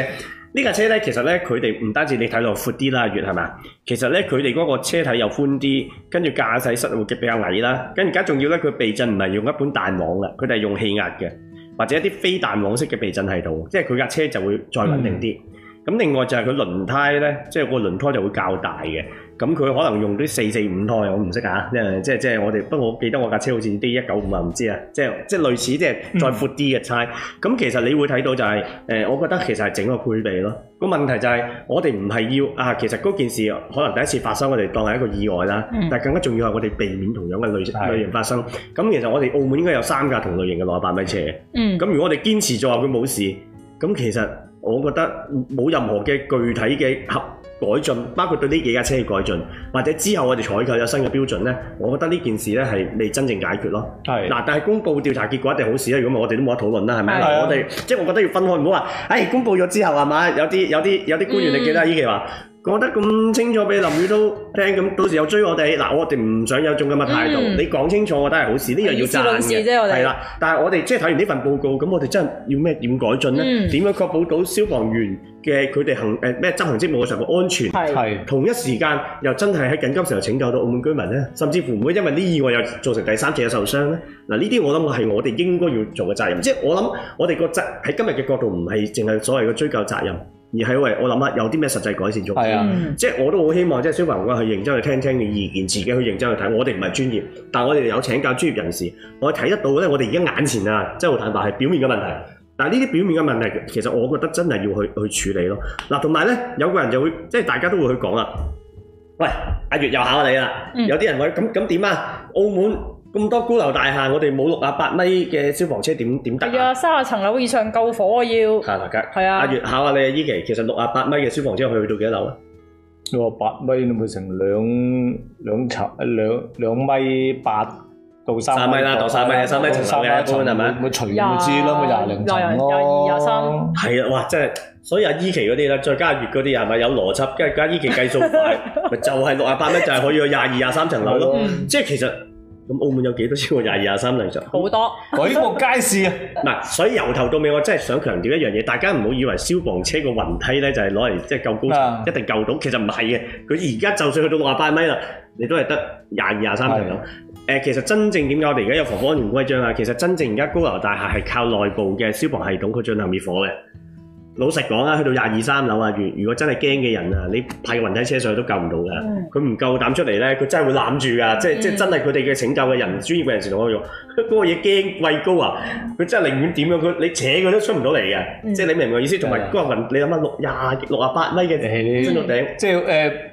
這輛呢架車咧，其實咧佢哋唔單止你睇落闊啲啦，係咪嘛，其實咧佢哋嗰個車體又寬啲，跟住駕駛室會比較矮啦，跟住而家仲要咧，佢避震唔係用一般彈弓啦，佢係用氣壓嘅，或者一啲非彈弓式嘅避震喺度，即係佢架車就會再穩定啲。嗯咁另外就係佢輪胎咧，即係個輪胎就會較大嘅。咁佢可能用啲四四五胎，我唔識啊，即係即係我哋，不過我記得我架車好似 d 一九五啊，唔知啊。即係即係類似即係再闊啲嘅車。咁、嗯、其實你會睇到就係、是、誒、呃，我覺得其實係整個配備咯。個問題就係我哋唔係要啊，其實嗰件事可能第一次發生，我哋當係一個意外啦。嗯、但更加重要係我哋避免同樣嘅類型發生。咁、嗯、其實我哋澳門應該有三架同類型嘅六百米車。咁、嗯嗯、如果我哋堅持做佢冇事，咁其實。我覺得冇任何嘅具體嘅合改進，包括對呢幾架車嘅改進，或者之後我哋採購有新嘅標準咧，我覺得呢件事咧係未真正解決咯。係嗱是，但係公佈調查結果一定好事啦。如果唔係，我哋都冇得討論啦，係咪？的我哋即係我覺得要分開，唔好話，哎，公佈咗之後係嘛，有啲有啲有啲官員，嗯、你記得依期話。講得咁清楚畀林宇都聽，咁到時又追我哋，嗱我哋唔想有種咁嘅態度。嗯、你講清楚我覺得係好事，呢樣要讚嘅。係啦，但係我哋即係睇完呢份報告，咁我哋真係要咩？點改進咧？點、嗯、樣確保到消防員嘅佢哋行誒咩、呃、執行職務嘅時候安全？係同一時間又真係喺緊急時候拯救到澳門居民咧，甚至乎唔會因為呢意外又造成第三者受傷咧。嗱呢啲我諗係我哋應該要做嘅責任。即、就、係、是、我諗我哋個責喺今日嘅角度唔係淨係所謂嘅追究責任。而係因為，我諗下有啲咩實際改善咗？係啊、嗯，即係我都好希望，即係消防員去認真去聽聽你意見，自己去認真去睇。我哋唔係專業，但係我哋有請教專業人士，我睇得到咧。我哋而家眼前啊，真係好坦白，係表面嘅問題。但係呢啲表面嘅問題，其實我覺得真係要去去處理咯。嗱，同埋咧，有個人就會即係大家都會去講啦。喂，阿月又考下你啦。嗯、有啲人話，咁咁點啊？澳門？咁多高樓大廈，我哋冇六啊八米嘅消防車點點得啊，三啊層樓以上救火啊要。係啦，吉。係啊，阿月考下你啊，依琪其實六啊八米嘅消防車可以去到幾多樓啊？你話八米你會成兩兩層，兩兩米八到三。三米啦，到三米啊，三米就三一啦，係咪？咪隨意唔知咯，咪廿零層咯。廿二廿三。係啊，哇！即係所以阿依琪嗰啲啦，再加月嗰啲係咪有邏輯？跟住加依琪計數快，咪就係六啊八米就係可以去廿二、廿三層樓咯。即係其實。咁澳門有幾多超過廿二、廿三層？好很多，舉目皆是。啊！嗱，所以由頭到尾，我真係想強調一樣嘢，大家唔好以為消防車個雲梯咧就係攞嚟即係救高層，麼一定救到。其實唔係嘅，佢而家就算去到六啊八米啦，你都係得廿二、廿三層咁。誒，其實真正點解我哋而家有防火安全規章啊？其實真正而家高樓大廈係靠內部嘅消防系統去進行滅火嘅。老實講啊，去到廿二三樓啊，如如果真係驚嘅人啊，你派個雲梯車上去都救唔到㗎，佢唔夠膽出嚟咧，佢真係會攬住㗎，即係即係真係佢哋嘅拯救嘅人專業嘅人士同我用，嗰個嘢驚畏高啊，佢、嗯、真係寧願點樣佢，你扯佢都出唔到嚟嘅，嗯、即係你明唔明我意思，同埋嗰個雲，有的你諗下六廿六廿八米嘅搬到頂即係誒。呃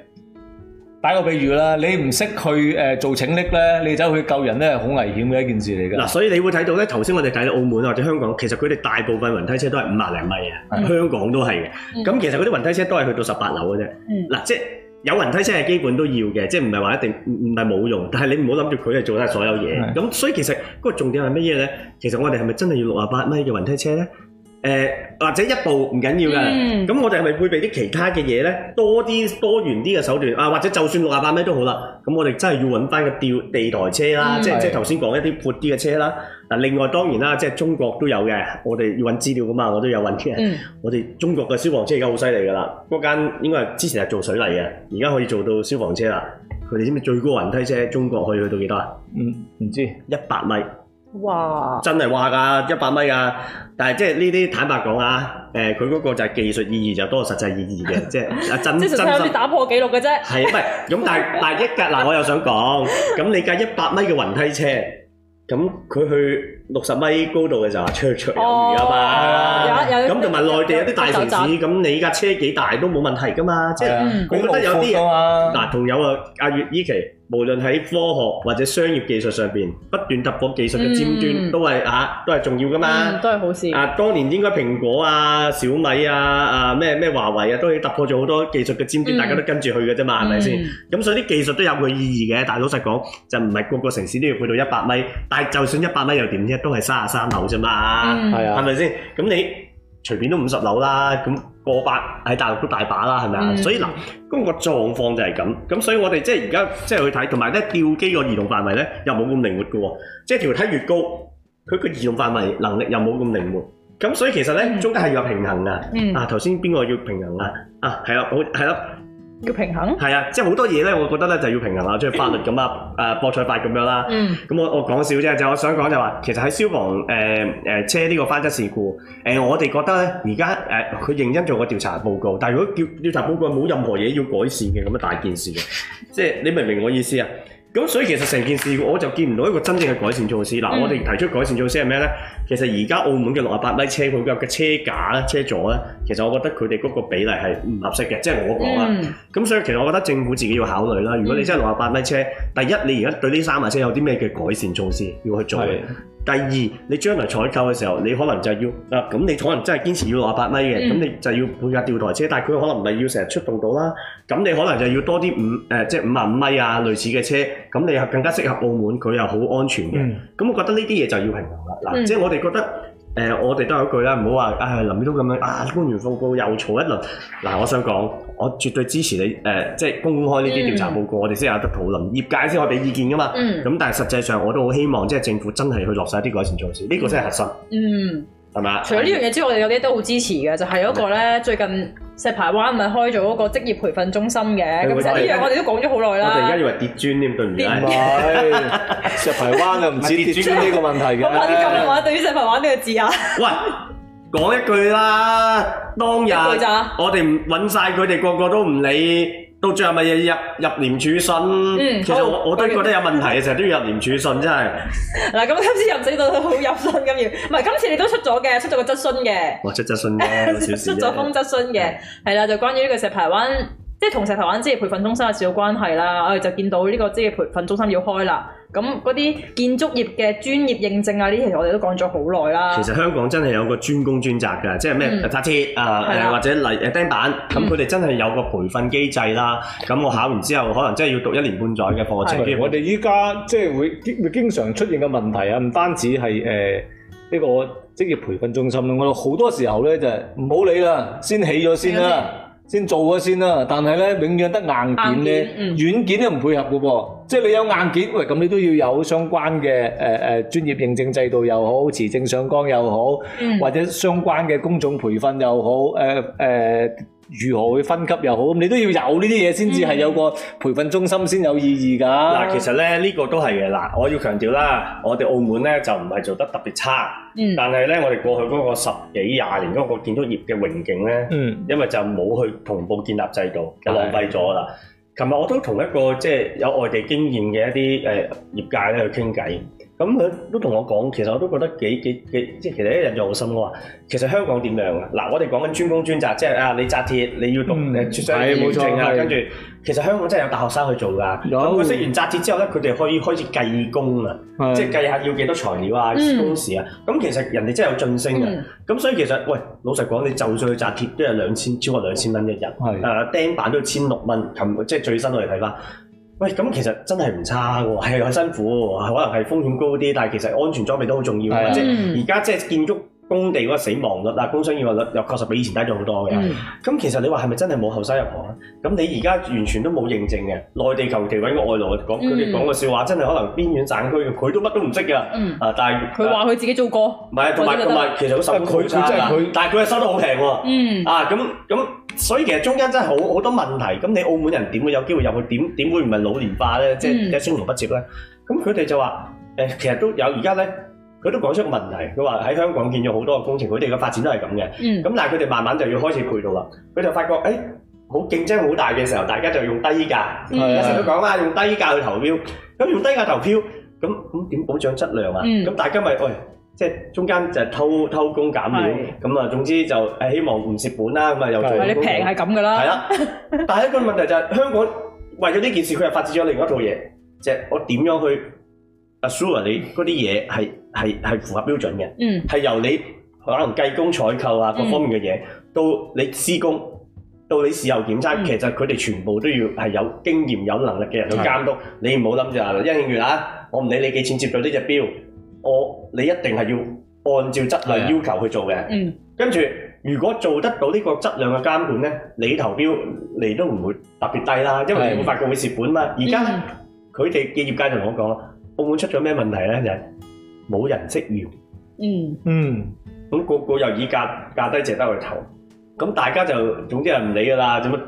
打個比喻啦，你唔識去誒做請力咧，你走去救人咧，係好危險嘅一件事嚟㗎。嗱，所以你會睇到咧，頭先我哋睇到澳門或者香港，其實佢哋大部分雲梯車都係五十零米啊，嗯、香港都係嘅。咁、嗯、其實嗰啲雲梯車都係去到十八樓嘅啫。嗱、嗯，即係有雲梯車係基本都要嘅，即係唔係話一定唔唔係冇用，但係你唔好諗住佢係做得所有嘢。咁是所以其實嗰個重點係乜嘢咧？其實我哋係咪真係要六十八米嘅雲梯車咧？誒、呃、或者一步唔緊要嘅，咁、嗯、我哋係咪配備啲其他嘅嘢咧？多啲多元啲嘅手段啊，或者就算六十八米都好啦。咁我哋真係要揾翻個吊地台車啦，即係即係頭先講一啲闊啲嘅車啦。嗱，另外當然啦，即係中國都有嘅，我哋要揾資料噶嘛，我都有揾添。嗯、我哋中國嘅消防車而家好犀利噶啦，嗰間應該係之前係做水泥嘅，而家可以做到消防車啦。佢哋知唔知最高雲梯車中國可以去到幾多啊？唔、嗯、唔知，一百米。哇！真係話㗎，一百米㗎，但係即係呢啲坦白講啊，誒佢嗰個就係技術意義就多過實際意義嘅，即係啊真真心。即係仲有啲打破紀錄嘅啫。係，唔係咁，但係但係一格嗱，我又想講，咁你架一百米嘅雲梯車，咁佢去六十米高度嘅時候綽綽有餘吖嘛。有有。咁同埋內地有啲大城市，咁你架車幾大都冇問題㗎嘛，即係佢覺得有啲人嗱，朋友啊，阿月依期。無論喺科學或者商業技術上面，不斷突破技術嘅尖端都係、嗯啊，都係重要噶嘛。嗯、都係好事。啊，當年應該蘋果啊、小米啊、啊咩咩華為啊，都去突破咗好多技術嘅尖端，嗯、大家都跟住去嘅啫嘛，係咪先？咁吧、嗯、所以啲技術都有佢意義嘅。但老實講，就唔係個個城市都要去到一百米，但就算一百米又點啫？都係三十三樓啫嘛，係咪先？咁吧你隨便都五十樓啦，過百喺大陸都大把啦，係咪啊？嗯、所以嗱，咁、嗰個狀況就係咁，咁所以我哋即係而家即係去睇，同埋咧吊機個移動範圍咧又冇咁靈活嘅喎，即係條梯越高，佢個移動範圍能力又冇咁靈活，咁所以其實咧、嗯、中間係要有平衡，嗯，啊頭先邊個要平衡、嗯、啊？啊係咯，好係咯。叫平衡，係啊，即係好多嘢咧，我覺得咧就要平衡啦，即係法律咁 啊，誒博彩法咁樣啦。嗯。咁我我講少啫，就我想講就話、是，其實喺消防誒誒、呃呃、車呢個翻側事故，誒、呃、我哋覺得咧，而家誒佢認真做個調查報告，但係如果調調查報告冇任何嘢要改善嘅咁嘅大件事，即係你明唔明我意思啊？咁所以其實成件事我就見唔到一個真正嘅改善措施。嗱，我哋提出改善措施係咩呢？其實而家澳門嘅六十八米車款嘅車架、車座咧，其實我覺得佢哋嗰個比例係唔合適嘅，即係我講啦。咁，嗯，所以其實我覺得政府自己要考慮啦。如果你真係六十八米車，嗯，第一你而家對呢三架車有啲咩嘅改善措施要去做？第二，你將來採購嘅時候，你可能就要嗱，咁、呃、你可能真係堅持要六十八米嘅，咁、嗯、你就要配架吊台車，但係佢可能唔係要成日出動到啦，咁你可能就要多啲五誒，即係五啊五米五十五米啊類似嘅車，咁你又更加適合澳門，佢又好安全嘅，咁、嗯、我覺得呢啲嘢就要平衡啦，嗱、嗯，即係我哋覺得。誒、呃，我哋都有一句啦，唔好話啊，林宇滔咁樣啊，官員報告又吵一輪。嗱，我想講，我絕對支持你，誒、呃，即係公開呢啲調查報告，嗯、我哋先有得討論，業界先可以俾意見噶嘛。咁、嗯、但係實際上，我都好希望即係政府真係去落晒啲改善措施，呢、這個真係核心。嗯。嗯係咪除咗呢樣嘢之外，的我哋有啲都好支持嘅，就係、是、嗰個咧。的最近石排灣唔係開咗嗰個職業培訓中心嘅，咁其實呢樣我哋都講咗好耐啦。我哋而家以為跌磚添，對唔住的。石排灣啊，唔似跌磚呢個問題嘅。咁樣話對於石排灣呢個字啊？ 喂，講一句啦，當日我哋唔揾晒佢哋，個個都唔理。到最後咪要入入廉署信。嗯、其實我我都覺得有問題啊！成日 都要入廉署信，真係。嗱，咁今次入唔死到佢好入信咁要。唔係今次你都出咗嘅，出咗個質詢嘅。出質 質詢嘅，出咗封質詢嘅，係啦，就關於呢個石排灣，即係同石排灣職業培訓中心有少少關係啦。我哋就見到呢個職業培訓中心要開啦。咁嗰啲建築業嘅專業認證啊，呢其實我哋都講咗好耐啦。其實香港真係有個專攻專責嘅，即係咩、嗯、啊，砌鐵啊，或者例如釘板，咁佢哋真係有個培訓機制啦。咁、嗯、我考完之後，可能真係要讀一年半載嘅課程。我哋依家即係會會經常出現嘅問題啊，唔單止係誒呢個職業培訓中心啦，我好多時候咧就唔好理啦，先起咗先啦，先做咗先啦，但係咧永遠得硬，硬件，嗯、軟件都唔配合嘅噃。即係你有硬件，喂，咁你都要有相關嘅誒誒專業認證制度又好，持證上崗，又好，或者相關嘅公眾培訓又好，誒、呃、誒。呃如何去分級又好，你都要有呢啲嘢先至係有個培訓中心先有意義㗎、啊。嗱，其實咧呢、呢個都係嘅，嗱，我要強調啦，我哋澳門呢就唔係做得特別差，嗯、但係呢，我哋過去嗰個十幾廿年嗰個建築業嘅榮景咧，嗯、因為就冇去同步建立制度，就浪費咗啦。琴日我都同一個即係、就是、有外地經驗嘅一啲誒業界咧去傾偈。咁佢都同我講，其實我都覺得幾幾幾，即係其實一日在好深咯。其實香港點樣啊？嗱，我哋講緊專工專責，即係啊，你扎鐵你要讀，你出咗研究生啦，跟住其實香港真係有大學生去做噶。咁佢識完扎鐵之後咧，佢哋可以開始計工啊，即係計下要幾多材料啊，工時啊。咁其實人哋真係有晉升嘅。咁所以其實喂，老實講，你就算去扎鐵都有兩千，超過兩千蚊一日。係啊，釘板都千六蚊，即係最新我哋睇翻。喂，咁其實真係唔差喎，係好辛苦的，係可能係風險高啲，但係其實安全裝備都好重要嘅，的嗯、即係而家即係建築。工地嗰個死亡率啊，工傷意外率又確實比以前低咗好多嘅。咁、嗯、其實你話係咪真係冇後生入行咧？咁你而家完全都冇認證嘅。內地求其揾個外勞講，佢哋講個笑話，嗯、真係可能邊遠省區，佢都乜都唔識噶。啊、嗯，但係佢話佢自己做過。唔係是，同埋同埋，其實個手續差但係佢又收得好平喎。嗯、啊，咁咁，所以其實中間真係好好多問題。咁你澳門人點會有機會入去？點點會唔係老年化咧？即係青黃不接咧？咁佢哋就話：誒，其實都有。而家咧。佢都講出問題，佢話喺香港見咗好多個工程，佢哋嘅發展都係咁嘅。咁但係佢哋慢慢就要開始配套啦。佢就發覺，誒好競爭好大嘅時候，大家就用低價。啱先佢講啦，用低價去投標。咁用低價投標，咁咁點保障質量啊？咁大家咪喂，即係中間就偷偷工減料。咁啊，總之就誒希望唔蝕本啦。咁啊又做你平係咁噶啦。係啦，但係一個問題就係香港為咗呢件事，佢又發展咗另一套嘢，即係我點樣去 assure 你嗰啲嘢係。係係符合標準嘅，係由你可能計工採購啊各方面嘅嘢，到你施工，到你事後檢測，其實佢哋全部都要係有經驗有能力嘅人去監督。你唔好諗住啊，張慶源啊，我唔理你幾錢接咗呢隻標，我你一定係要按照質量要求去做嘅。跟住如果做得到呢個質量嘅監管呢，你投標你都唔會特別低啦，因為你會發覺會蝕本嘛。而家佢哋嘅業界同我講，澳門出咗咩問題呢？就係。冇人識要、嗯，嗯嗯，咁個,個個又以價價低值得去投，咁大家就總之係唔理噶啦，做乜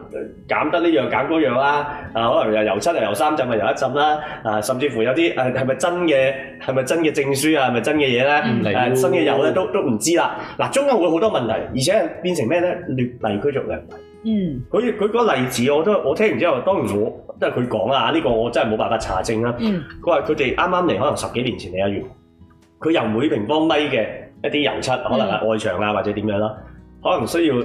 減得呢樣減嗰樣啦？啊，可能又油七又油三浸咪油一浸啦？啊，甚至乎有啲誒係咪真嘅係咪真嘅證書是是、嗯、啊？係咪真嘅嘢咧？誒新嘅油咧都都唔知啦。嗱，中間會好多問題，而且變成咩咧？劣例驅逐嘅問題嗯，佢佢嗰個例子我都我聽完之後，當然我即係佢講啊，呢、呢個我真係冇辦法查證啦。佢話佢哋啱啱嚟，可能十幾年前嚟一源。佢由每平方米嘅一啲油漆，可能係外牆啊或者點樣啦，可能需要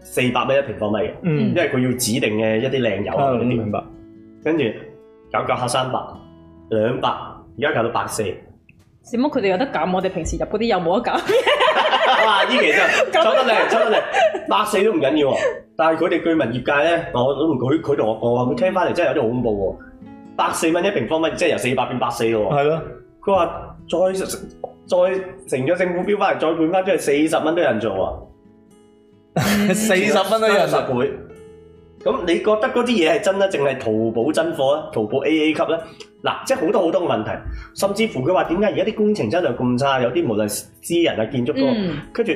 四百蚊一平方米嘅，嗯、因為佢要指定嘅一啲靚油嗰啲。明白。跟住搞搞下三百、兩百，而家搞到百四。點解？佢哋有得減，我哋平時入嗰啲又冇得減。哇、 啊！呢期真係，搞得靚，搞得靚，百四都唔緊要。但係佢哋據聞業界咧，我佢佢同我講話，佢聽翻嚟真係有啲好恐怖喎。百四蚊一平方米，即係由四百變百四咯喎。係咯、啊。佢話再再成咗政府標翻嚟，再換翻出去，四十蚊都有人做啊！四十蚊都有人買。咁你覺得嗰啲嘢係真咧，定係淘寶真貨啊？淘寶 AA 級咧？嗱，啊，即係好多好多嘅問題，甚至乎佢話點解而家啲工程質量咁差？有啲無論私人啊建築哥，跟住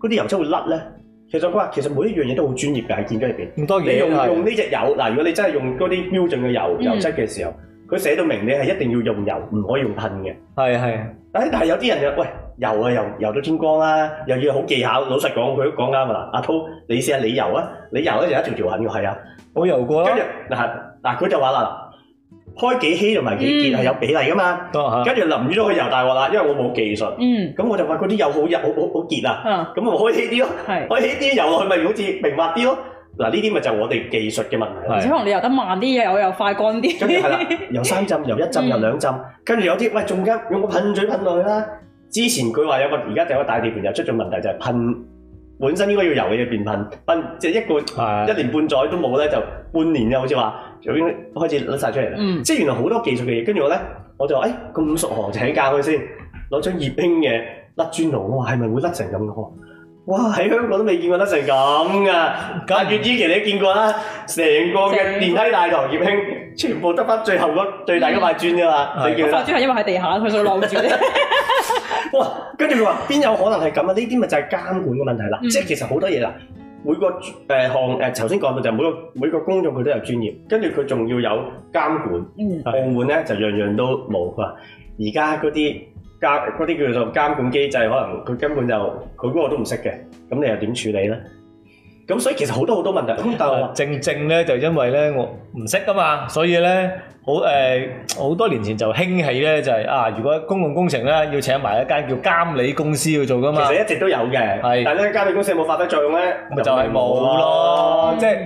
嗰啲油漆會甩咧。其實佢話其實每一樣嘢都好專業嘅喺建築入邊。當然你用的你用呢隻油嗱，如果你真係用嗰啲標準嘅油油漆嘅時候。嗯佢寫到明，你係一定要用油，唔可以用噴嘅。係係是是。但係有啲人就喂油啊，油油到天光啦、啊，又要好技巧。老實講，佢都講啱噶啦。阿濤，你試下你油啊，你油咧就一條條痕嘅，係啊。我油過啦。跟住嗱嗱，佢、啊啊、就話啦，開幾稀同埋幾結係有比例噶嘛。跟住淋雨咗去油大鑊啦，因為我冇技術。嗯。咁我就話嗰啲油好一好好好結啊。咁我、啊、開稀啲咯，是開稀啲油落去咪好似明滑啲咯。嗱，呢啲咪就係我哋技術嘅問題咯。可能是你油得慢啲嘢，是我又快乾啲。油三浸，一嗯、油一浸，油兩浸，跟住有啲，喂，仲加用個噴嘴噴落去啦。之前佢話有個，而家仲有個大地盤又出咗問題，就係、是、噴本身應該要油嘅嘢變噴，噴即係、就是、一個是的 一年半載都冇咧，就半年又好似話就已經開始甩晒出嚟啦。嗯、即係原來好多技術嘅嘢，跟住我咧，我就誒咁熟行請教佢先，攞張葉冰嘅甩磚爐，我話係咪會甩成咁嘅？哇！喺香港都未見過得成咁啊！咁月依其實你都見過啦，成個嘅電梯大堂業興，全部得返最後嗰最大嗰塊磚㗎喇。最大塊磚係因為喺地下，佢所以攞得住。哇！跟住佢話：邊有可能係咁啊？呢啲咪就係監管嘅問題啦。即係其實好多嘢啦，每個誒項誒頭先講到就每個每個工種佢都有專業，跟住佢仲要有監管。嗯，部門咧就樣樣都冇啊！而家嗰啲。監嗰啲叫做監管機制，可能佢根本就佢嗰個都唔識嘅，咁你又點處理咧？咁所以其實好多好多問題。咁但係正正咧，就因為咧我唔識噶嘛，所以咧好誒好多年前就興起咧就係啊，如果公共工程咧要請埋一間叫監理公司去做噶嘛。其實一直都有嘅。係。但係咧，監理公司有冇發揮作用咧？咪就係冇咯，即係。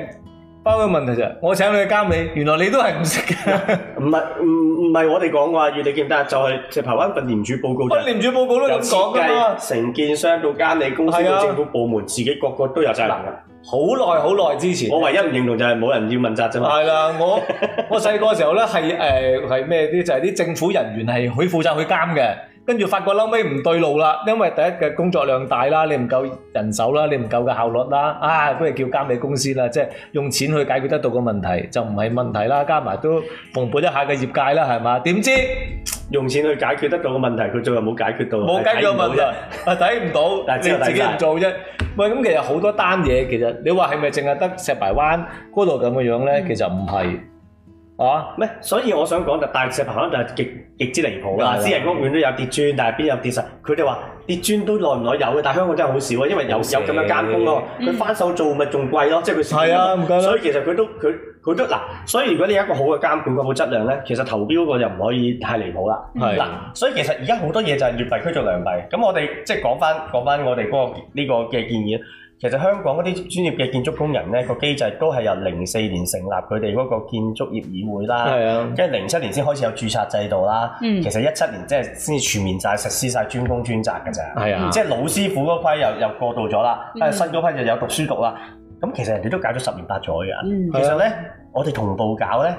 翻個問題就係，我請你去監理，原來你都係唔識嘅。唔係 我哋講話要你但係就係、是、台灣份廉署報告、就是。喂，廉署報告都咁講嘅啦，成建商到監理公司到、啊、政府部門，自己個個都有責任。好耐好耐之前，我唯一唔認同就係冇人要問責啫嘛。係啦、啊，我我細個時候呢係誒係咩啲？就係、是、啲政府人員係佢負責去監嘅。跟住發覺撈尾唔對路啦，因為第一嘅工作量大啦，你唔夠人手啦，你唔夠嘅效率啦，啊，不如叫監理公司啦，即係用錢去解決得到嘅問題就唔係問題啦，加埋都蓬勃一下嘅業界啦，係嘛？點知用錢去解決得到嘅問題，佢仲係冇解決到，冇解決到問題係睇唔到，你自己唔做啫。唔係咁，其實好多單嘢，其實你話係咪淨係得石排灣嗰度咁嘅樣咧？其實唔係。啊咩？所以我想講就大陸石頭就係極極之離譜啊！私人屋苑都有跌磚，但係邊有跌實？佢哋話跌磚都耐唔耐有嘅，但係香港真係好少啊！因為有、嗯、有咁樣監工喎，佢翻手做咪仲貴咯，即係佢。係啊，所以其實佢都佢佢都嗱，所以如果你有一個好嘅監管確保質量咧，其實投標個就唔可以太離譜的啦。係嗱，所以其實而家好多嘢就係劣幣驅逐良幣。咁我哋即係講翻講翻我哋嗰個呢個嘅建議。其實香港嗰啲專業嘅建築工人呢、嗰個機制都係由零四年成立佢哋嗰個建築業議會啦，即係零七年先開始有註冊制度啦。嗯、其實一七年即係先全面晒實施曬專工專責嘅啫，是啊、即係老師傅嗰批又又過渡咗啦，跟住、嗯、新嗰批又有讀書讀啦。咁其實人哋都搞咗十年八載嘅，嗯、其實呢，是啊、我哋同步搞呢，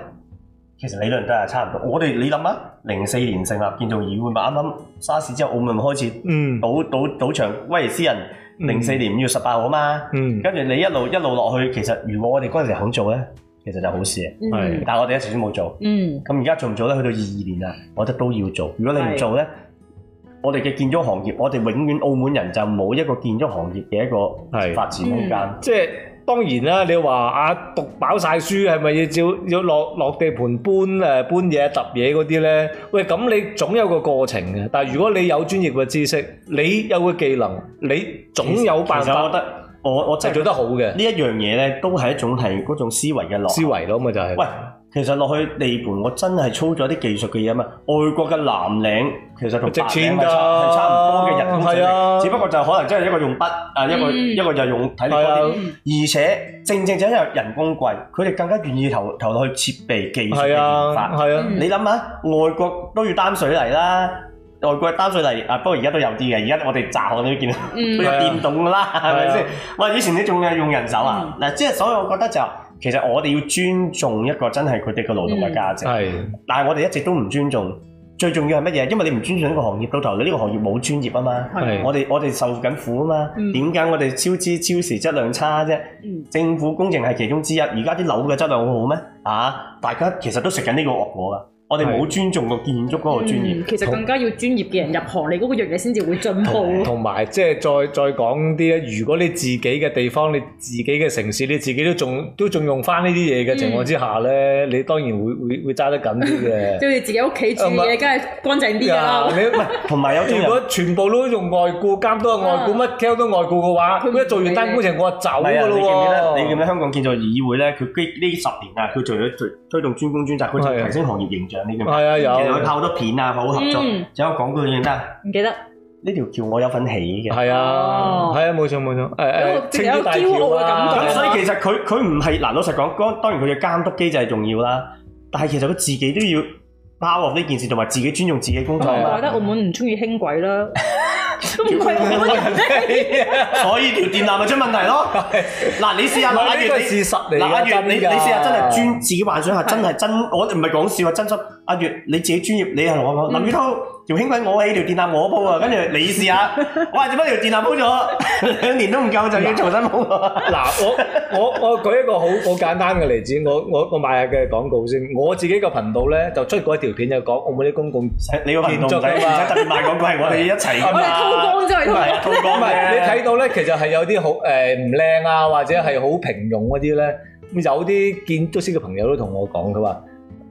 其實理論都係差唔多。我哋你諗啊，零四年成立建築業議會，咪啱啱沙士之後，澳門開始賭賭賭場，威尼斯人。零四年五月十八號啊嘛，跟住、嗯、你一路一路落去，其實如果我哋嗰陣時肯做呢，其實就好事。係是，但係我哋一時先冇做。嗯，咁而家做唔做呢？去到二二年啊，我覺得都要做。如果你唔做呢，是我哋嘅建築行業，我哋永遠澳門人就冇一個建築行業嘅一個發展空間。嗯、即係。當然啦，你話啊讀飽晒書係咪要照要落落地盤搬誒搬嘢揼嘢嗰啲咧？喂，咁你總有個過程嘅。但係如果你有專業嘅知識，你有個技能，你總有辦法。其實,其實我覺得我我真係做得好嘅。呢一樣嘢咧，都係一種係嗰種思維嘅思維咯、就是，咪就係。其實落去地盤，我真係操作啲技術嘅嘢啊嘛。外國嘅藍領其實同白領係差唔多嘅人工水平，只不過就可能真係一個用筆啊，一個一個又用體力多啲。而且正正就因為人工貴，佢哋更加願意投投落去設備技術嘅研發。係啊，你諗下，外國都要擔水泥啦，外國擔水泥啊，不過而家都有啲嘅。而家我哋閘行都見到都有電動噶啦，係咪先？哇，以前你仲係用人手啊？嗱，即係所以我覺得就。其實我哋要尊重一個真係佢哋嘅勞動嘅價值，嗯、但係我哋一直都唔尊重。最重要係乜嘢？因為你唔尊重一個行業，到頭你呢個行業冇專業啊嘛。是我哋我哋受緊苦啊嘛。點解、嗯、我哋超支超時，質量差啫？政府工程係其中之一。而家啲樓嘅質量好好咩？啊，大家其實都食緊呢個惡果噶。我哋冇尊重個建築嗰個專業，其實更加要專業嘅人入行，你嗰個樣嘢先至會進步。同同埋，即係再再講啲咧，如果你自己嘅地方，你自己嘅城市，你自己都仲都仲用翻呢啲嘢嘅情況之下咧，你當然會會會揸得緊啲嘅。對你自己屋企煮嘢，梗係乾淨啲啊。同埋有啲人如果全部都用外僱監督外僱，乜都外僱嘅話，佢一做完單工程我走啦。你記唔記得？你記唔記得香港建造議會咧？佢呢呢十年啊，佢做咗推推動專工專責，佢就提升行業形象。係啊有，其實佢拍好多片啊，好合作。仲有講句先啦，唔記得呢條橋我有份起嘅。係啊，係啊，冇錯冇錯。咁我情有獨鍾啦。咁所以其實佢佢唔係嗱，老實講，當然佢嘅監督機制係重要啦，但係其實佢自己都要包落呢件事，同埋自己尊重自己工作。我覺得澳門唔中意輕軌啦。 所以條電纜咪出問題咯。嗱， 你試下，嗱阿月，事實嚟㗎，阿月，你你試下真係專自己幻想下，的真係真，我唔係講笑啊，真執。阿月，你自己專業，你就同我講，林宇滔條興奮我起條電纜我鋪啊，跟住你試下，哇！你乜條電纜鋪咗兩年都唔夠，就要重新鋪。嗱，我我我舉一個好好簡單嘅例子，我我我買下嘅廣告先。我自己個頻道咧就出過一條片，就講澳門啲公共你個頻道唔使，特別賣廣告係我哋一齊啊嘛。唔係偷光啫，唔係偷光咪你睇到咧，其實係有啲好誒唔靚啊，或者係好平庸嗰啲咧。咁有啲建築師嘅朋友都同我講，佢話。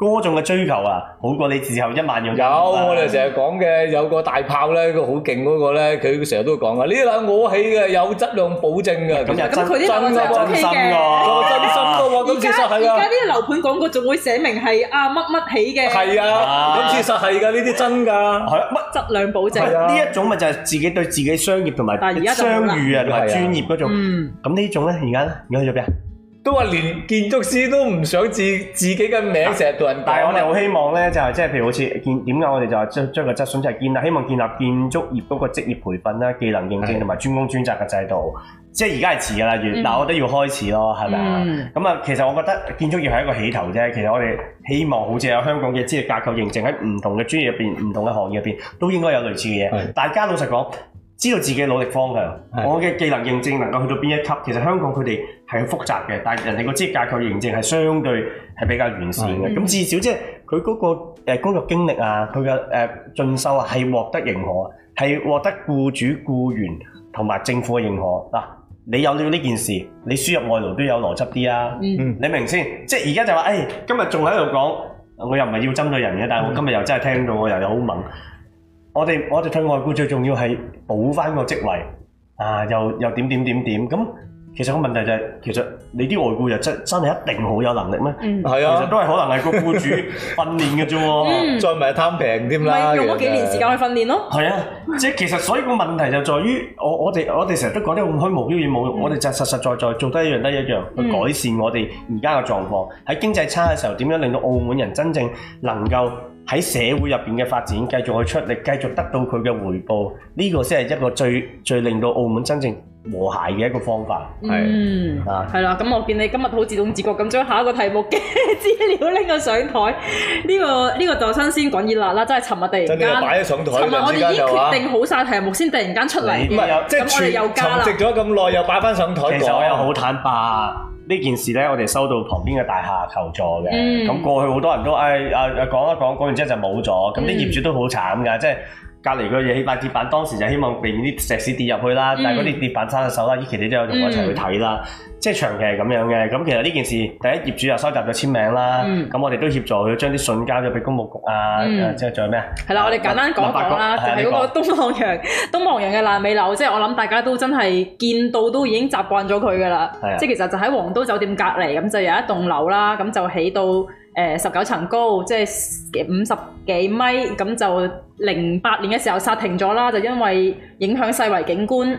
高眾嘅追求啊，好過你事後一萬樣。有我哋成日講嘅，有個大炮咧，個好勁嗰個咧，佢成日都講啊，呢啲樓我起嘅，有質量保證嘅。咁又真真㗎喎，唔新㗎，真心㗎喎。咁其實係。而家呢啲樓盤廣告仲會寫明係啊乜乜起嘅。係啊，咁其實係㗎，呢啲真㗎。係乜？質量保證。呢一種咪就係自己對自己商業同埋商譽啊，同埋專業嗰種。嗯。咁呢種咧，而家而家去咗邊啊？都話連建築師都唔想自自己嘅名成日度人帶，但我哋好希望咧就係即係譬如好似建點解我哋就話將將個質素就係、是、建立，希望建立建築業嗰個職業培訓啦、技能認證同埋是的 專工專責嘅制度。即係而家係遲啦，越嗱、嗯、我都要開始咯，係咪啊？咁啊，其實我覺得建築業係一個起頭啫。其實我哋希望好似有香港嘅資格架構認證，喺唔同嘅專業入邊、唔同嘅行業入邊，都應該有類似嘅嘢。是的 大家老實講。知道自己努力方向，的我嘅技能認證能夠去到邊一級？其實香港佢哋係好複雜嘅，但係人哋個專業架構認證係相對係比較完善嘅。咁的、嗯、至少即係佢嗰個工作經歷啊，佢嘅誒進修啊，係獲得認可，係獲得僱主、僱員同埋政府嘅認可。嗱、啊，你有了呢件事，你輸入外勞都有邏輯啲啊。嗯、你明先？即係而家就話，誒、哎，今日仲喺度講，我又唔係要針對人嘅，但係我今日又真係聽到我，我又好猛。我哋我哋退外雇最重要係補翻個職位，啊又又點點點點咁，其實個問題就係、是，其實你啲外雇又真真係一定好有能力咩？係啊、嗯，其實都係可能係個僱主訓練嘅啫，嗯、再唔係貪平添啦。咪用咗幾年時間去訓練咯。係啊、嗯，即係其實所以個問題就在於，我我哋我哋成日都講啲咁虛無縹緲冇用，我哋就、嗯、實實在在，在做得一樣得一樣去改善我哋而家嘅狀況。喺、嗯、經濟差嘅時候，點樣令到澳門人真正能夠？喺社會入邊嘅發展，繼續去出力，繼續得到佢嘅回報，呢、這個先係一個最最令到澳門真正和諧嘅一個方法。係是，嗯、啊，係啦。咁我見你今日好自動自覺咁將下一個題目嘅資料拎個上台，呢、這個呢、這個就新鮮滾熱辣啦，真係尋日突然間，尋日我哋已經決定好晒題目，先突然間出嚟。唔係的，即係存積咗咁耐又擺翻上台講，來其實我又好坦白。呢件事咧，我哋收到旁邊嘅大廈求助嘅。咁、嗯、過去好多人都誒誒講一講，講、哎啊啊啊、完之後就冇咗。咁啲、嗯、業主都好慘㗎，即係。隔離個嘢起塊鐵板，當時就希望避免啲石屎跌入去啦，但係嗰啲鐵板生咗手啦，依期你都有同我一齊去睇啦，嗯、即係長期係咁樣嘅。咁其實呢件事，第一業主又收集咗簽名啦，咁、嗯、我哋都協助佢將啲信交咗俾公務局、嗯、啊，即係仲有咩啊？係啦，我哋簡單講講啦，就喺個東望洋的東望洋嘅爛尾樓，即、就、係、是、我諗大家都真係見到都已經習慣咗佢噶啦，即係的其實就喺皇都酒店隔離咁就有一棟樓啦，咁就起到。誒十九層高，即係五十幾米，咁就零八年嘅時候煞停咗啦，就因為影響世遺景觀。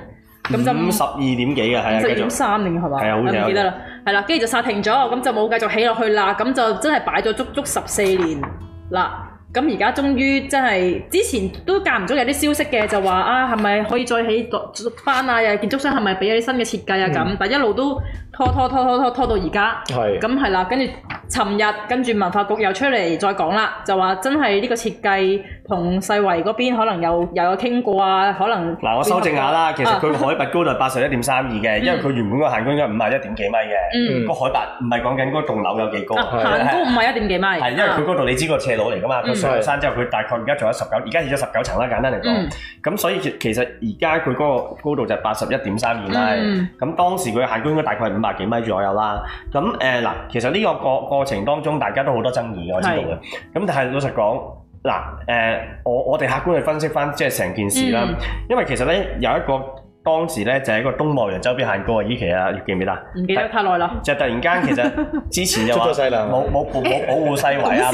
五十二點幾啊，係啊，五十二點三，係嘛？係啊，我唔記得啦，係啦，跟住就煞停咗，咁就冇繼續起落去啦，咁就真係擺咗足足十四年啦。咁而家終於真係之前都間唔中有啲消息嘅，就話啊係咪可以再起多翻啊？又建築商係咪俾啲新嘅設計啊？咁但一路都拖拖拖拖拖拖到而家。係。咁係啦，跟住尋日跟住文化局又出嚟再講啦，就話真係呢個設計同世遺嗰邊可能又又有傾過啊，可能嗱我修正下啦，其實佢海拔高度係八十一點三二嘅，因為佢原本個限高應該五啊一點幾米嘅。嗯。個海拔唔係講緊嗰棟樓有幾高。限高五啊一點幾米。係因為佢嗰度你知個斜路嚟㗎嘛。上嚟山之後，佢大概而家做咗十九，而家起咗十九層啦，簡單嚟講。咁、嗯、所以其實而家佢嗰個高度就係八十一點三二啦。咁當時佢嘅限高應該大概係五百幾米左右啦。咁誒嗱，其實呢個過過程當中，大家都好多爭議，我知道嘅。咁是但係老實講，嗱、呃、誒，我我哋客觀去分析翻即係成件事啦。嗯、因為其實咧有一個。當時咧就係、是、一個東望洋周邊限高啊，依期啊，記唔記得？唔記得但太耐啦。就突然間其實之前又話冇冇冇保護西環 啊，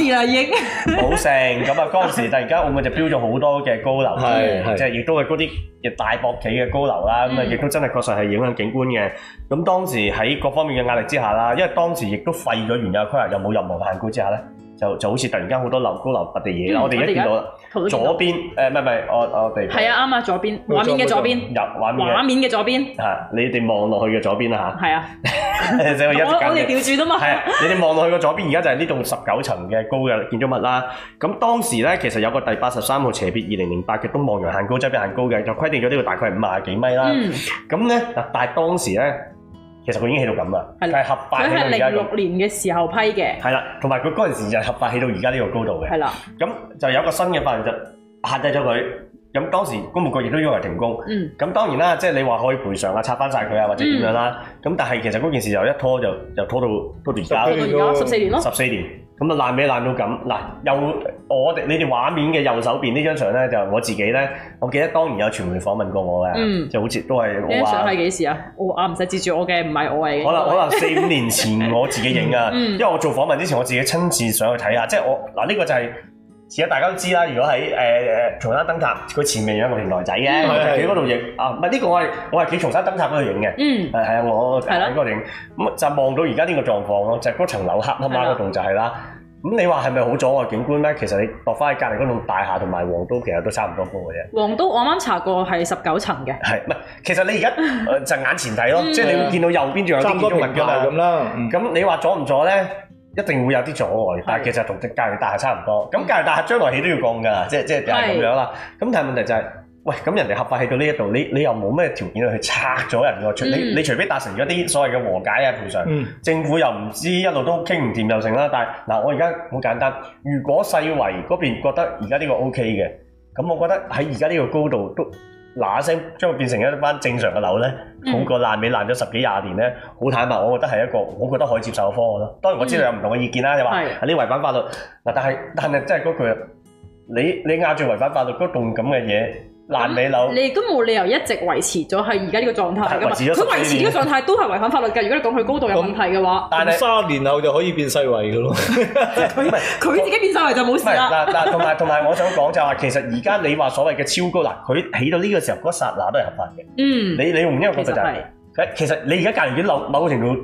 冇成咁啊！嗰陣 時突然間我咪 就標咗好多嘅高樓，即係亦都係嗰啲亦大博企嘅高樓啦，咁啊亦都真係確實係影響景觀嘅。咁當時喺各方面嘅壓力之下啦，因為當時亦都廢咗原有規劃，又冇任何限高之下咧。就就好似突然間好多流高流拔嘅嘢，我哋而家見到啦。左邊，誒唔係唔係，我我哋係啊啱啊左邊畫面嘅左邊入畫面嘅左邊啊，你哋望落去嘅左邊啦吓？係啊，我哋吊住㗎嘛。係啊，你哋望落去嘅左邊，而家就係呢棟十九層嘅高嘅建築物啦。咁、啊、 當時咧，其實有個第八十三號斜別二零零八嘅東望洋限高、側邊限高嘅，就規定咗呢度大概係五十幾米啦。咁、啊、咧、嗯、但係當時咧。其實佢已經起到咁啦，但係的合法起到佢係零六年嘅時候批嘅，係啦，同埋佢嗰陣時就合法起到而家呢個高度嘅，係啦的。咁就有一個新嘅法就限制咗佢，咁當時工務局亦都要求停工。嗯，咁當然啦，即係你話可以賠償啊，拆翻晒佢啊，或者點樣啦。咁、嗯、但係其實嗰件事就一拖就就拖到拖到而家十四年咯。十四年。咁啊，爛尾爛到咁。嗱，右我哋你哋畫面嘅右手邊張呢張相咧，就我自己咧，我記得當然有傳媒訪問過我嘅，嗯、就好似都係我想係幾時啊？我啊唔使接住我嘅，唔係我係，可能可能四五年前 我自己影㗎，因為我做訪問之前我自己親自上去睇下，即係我嗱呢、這個就係、是。而家大家都知啦，如果喺誒誒松山燈塔佢前面有一個平台仔嘅，喺嗰度影啊！唔係呢個我係我係喺松山燈塔嗰度影嘅。嗯，係啊，我喺嗰度影，咁就望到而家呢個狀況咯，就嗰層樓黑黑嘛。嗰棟就係啦。咁你話係咪好阻我景觀咧？其實你落翻喺隔離嗰棟大廈同埋黃都，其實都差唔多高嘅啫。黃都我啱查過係十九層嘅。係唔係？其實你而家就眼前睇咯，即係你會見到右邊仲有啲建築咁啦。咁你話阻唔阻咧？一定會有啲阻礙，但係其實同啲隔籬大廈差唔多。咁的隔籬大廈將來起都要降㗎，即即係咁樣啦。咁的但係問題就係、是，喂，咁人哋合法起到呢一度，你你又冇咩條件去拆咗人㗎？除、嗯、你，你隨便達成咗啲所謂嘅和解啊、賠償，嗯、政府又唔知一路都傾唔掂又成啦。但係嗱，我而家好簡單，如果世維嗰邊覺得而家呢個 O K 嘅，咁我覺得喺而家呢個高度都。嗱，聲將佢變成一班正常嘅樓咧，好過、嗯、爛尾爛咗十幾廿年咧，好坦白，我覺得係一個，我覺得可以接受嘅方案咯。當然我知道有唔同嘅意見啦，你話係你違反法律嗱，但係但係真係嗰句，你你壓住違反法律嗰動感嘅嘢。爛尾樓，你都冇理由一直維持咗係而家呢個狀態噶？佢維持呢個狀態都係違反法律嘅。如果你講佢高度有問題嘅話，咁三你年後就可以變細位嘅咯。唔係，佢自己變細位就冇事啦。嗱嗱，同埋同埋，我想講就係話其實而家你話所謂嘅超高樓，佢起到呢個時候嗰剎那個，都係合法嘅。嗯，你你用呢個角度就係、是，其實，其實你而家隔籬遠樓某個程度。